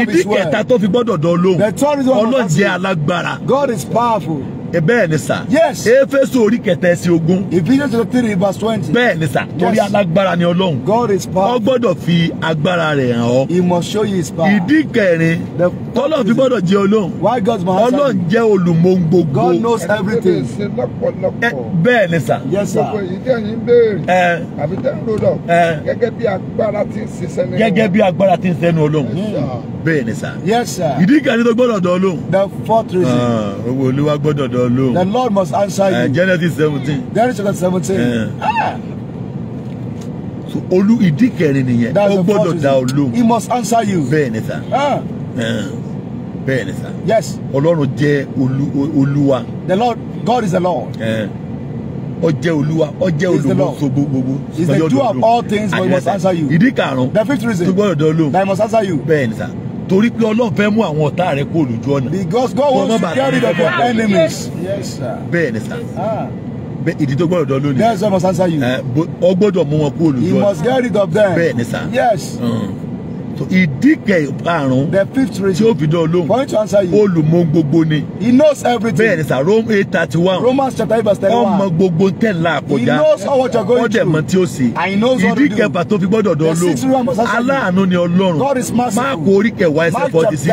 ìdí kẹta tó fi gbọ́dọ̀ dán lóhùn. ọlọ́run jẹ́ alágbára. God is powerful. Eh, bẹ́ẹ̀ ni sà. yes Éfésù orí kẹta ẹsẹ̀ ogún. Ephesians chapter three verse twenty. bẹ́ẹ̀ ni Yes. torí alágbára ni Ọlọ́run. God is power. ó gbọ́dọ̀ fi agbára rẹ̀ hàn ọ́. he must show you his power. ìdí kẹrin tọ́lọ́run fi gbọ́dọ̀ jẹ́ Ọlọ́run. why God's man answer. Ọlọ́run jẹ́ olùmọ̀ gbogbo. God knows everything. Eh, bẹ́ẹ̀ ni sà. yes sir. gbogbo ìjẹ́yìn béèrè. Eh. àbí tẹ́ ń lò lọ. gẹ́gẹ́ bí agbára ti ń ṣiṣẹ́ nínú. gẹ́gẹ́ bí agbára ti ń ṣiṣẹ́ nínú Ọlọ́run. bẹ́ẹ̀ ni sà. yes sir. ìdí kẹrin tó gbọ́dọ̀ dọ̀ Ọlọ́run. the fourth reason. Ah, owó Olúwa gbọ́dọ̀ dọ̀ Ọlọ́run. The Lord must answer eh, you. Genesis seventeen. Genesis chapter seventeen. Uh. Ah. So Olu ìdí kẹrin nìyẹn. That's the first reason. He must answer you. Bẹ́ẹ̀ ni sá. Ah. Eh. Bẹ́ẹ̀ ni sá. Yes. Ọlọ́run jẹ́ Olúwa. The Lord God is the Lord. Uh ó jẹ́ olúwa ó jẹ́ olùmọ̀ọ́sọ gbogbo. he is the doer of all things but he must answer you. ìdí karùn-ún tó gbọ́dọ̀ dán lóhùn. that he must answer you. bẹ́ẹ̀ ni torí pé Ọlọ́run fẹ́ mú àwọn ọ̀tá rẹ kó olùjú ọ̀nà. because God wants to carry the poor enemies. bẹ́ẹ̀ ni sá ah. bẹ́ẹ̀ ìdí tó gbọ́dọ̀ dán lónìí. that's why I must answer you. ọ gbọ́dọ̀ mú wọn kó olùjú ọ̀nà. he must get rid of them. bẹ́ẹ̀ ni sá. yes. Mm ìdíkẹ̀ àrùn tí ó fi dán olóhùn olùmọ̀ gbogbo ni bẹ́ẹ̀ ni sà Rome eight thirty one ọmọ gbogbo tẹ̀lá àkọjá ọdẹ mọ tí ó ṣe ìdíkẹ̀ bá tó fi gbọ́dọ̀ dán olóhùn aláàánú ni Ọlọ́run Máàkù oríkẹ̀ wá ẹsẹ̀ forty six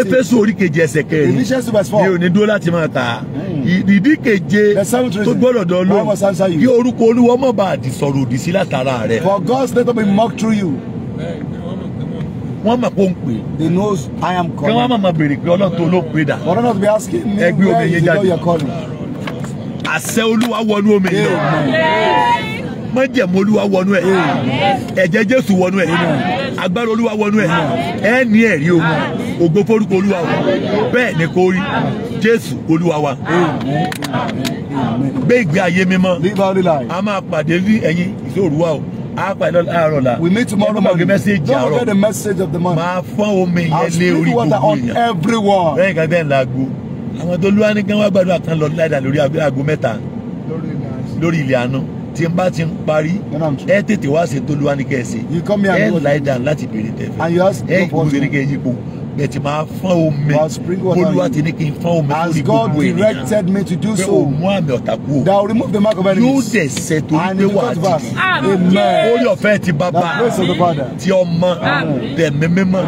Éfésù oríkejì ẹsẹ̀ kẹrin mi ò ní dúró láti máa kà á hmm. ìdíkeje tó gbọ́dọ̀ dán olóhùn kí orúkọ Olúwa má bàa dìsọ̀rọ̀ òdì sí látara rẹ̀. For God's letter be mocked through you wọ́n mọ̀ kó ń pè. they know I am calling. kí wọ́n mọ̀ mọ̀ béèrè pé ọlọ́run tó ló pè dà. for them not to be asking me where is the lawyer calling. àṣẹ olúwa wọnú omi náà májẹ̀mú olúwa wọnú ẹ̀ ẹ̀jẹ̀ jésù wọnú ẹ̀ agbára olúwa wọnú ẹ̀ ẹ̀ ní ẹ̀rí o ògo forúkọ olúwa wa bẹ́ẹ̀ ni kò rí jésù olúwa wa gbé ìgbé ayé mímọ́ a máa pàdé ní ẹ̀yìn ìṣòro wa o a pa ẹ la. we meet tomorrow morning. don't forget the message of the morning. máa fọ́n omi yẹn lé orí gbogbo èèyàn. i'll speak water on everyone. bẹ́ẹ̀ kan bẹ́ẹ̀ lago àwọn tó lúwa ní kí wọ́n gbàdúrà kan lọ láìda lórí aago mẹ́ta lórí ilé àná tí n bá ti ń parí ẹ tètè wá ṣe tó lúwa ní kẹ́ ẹ ṣe ẹ láìda láti béèrè tẹ̀fẹ̀ ẹ yí gbogbo kẹ́ ẹ yí gbogbo ẹ ti máa omi olúwa ti ní kí n fọ́n omi lórí gbogbo ènìyàn as God directed me to do so pé mú àmì ọ̀tá kú o that will remove the mark of enemies yóò dẹ̀ sẹ́ torí pé wà á dìde amen orí ọ̀fẹ́ ti bàbá ti ọmọ tẹ̀mí mímọ́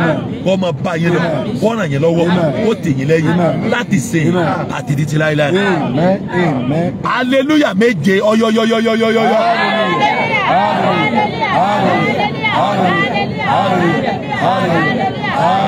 kọ́ ọmọ bá yín lọ kọ́ ọ̀ràn yín lọ́wọ́ kó tèyín lẹ́yìn láti sè àti títí láéláé hallelujah méje ọyọyọyọyọyọyọ. hallelujah hallelujah hallelujah hallelujah hallelujah.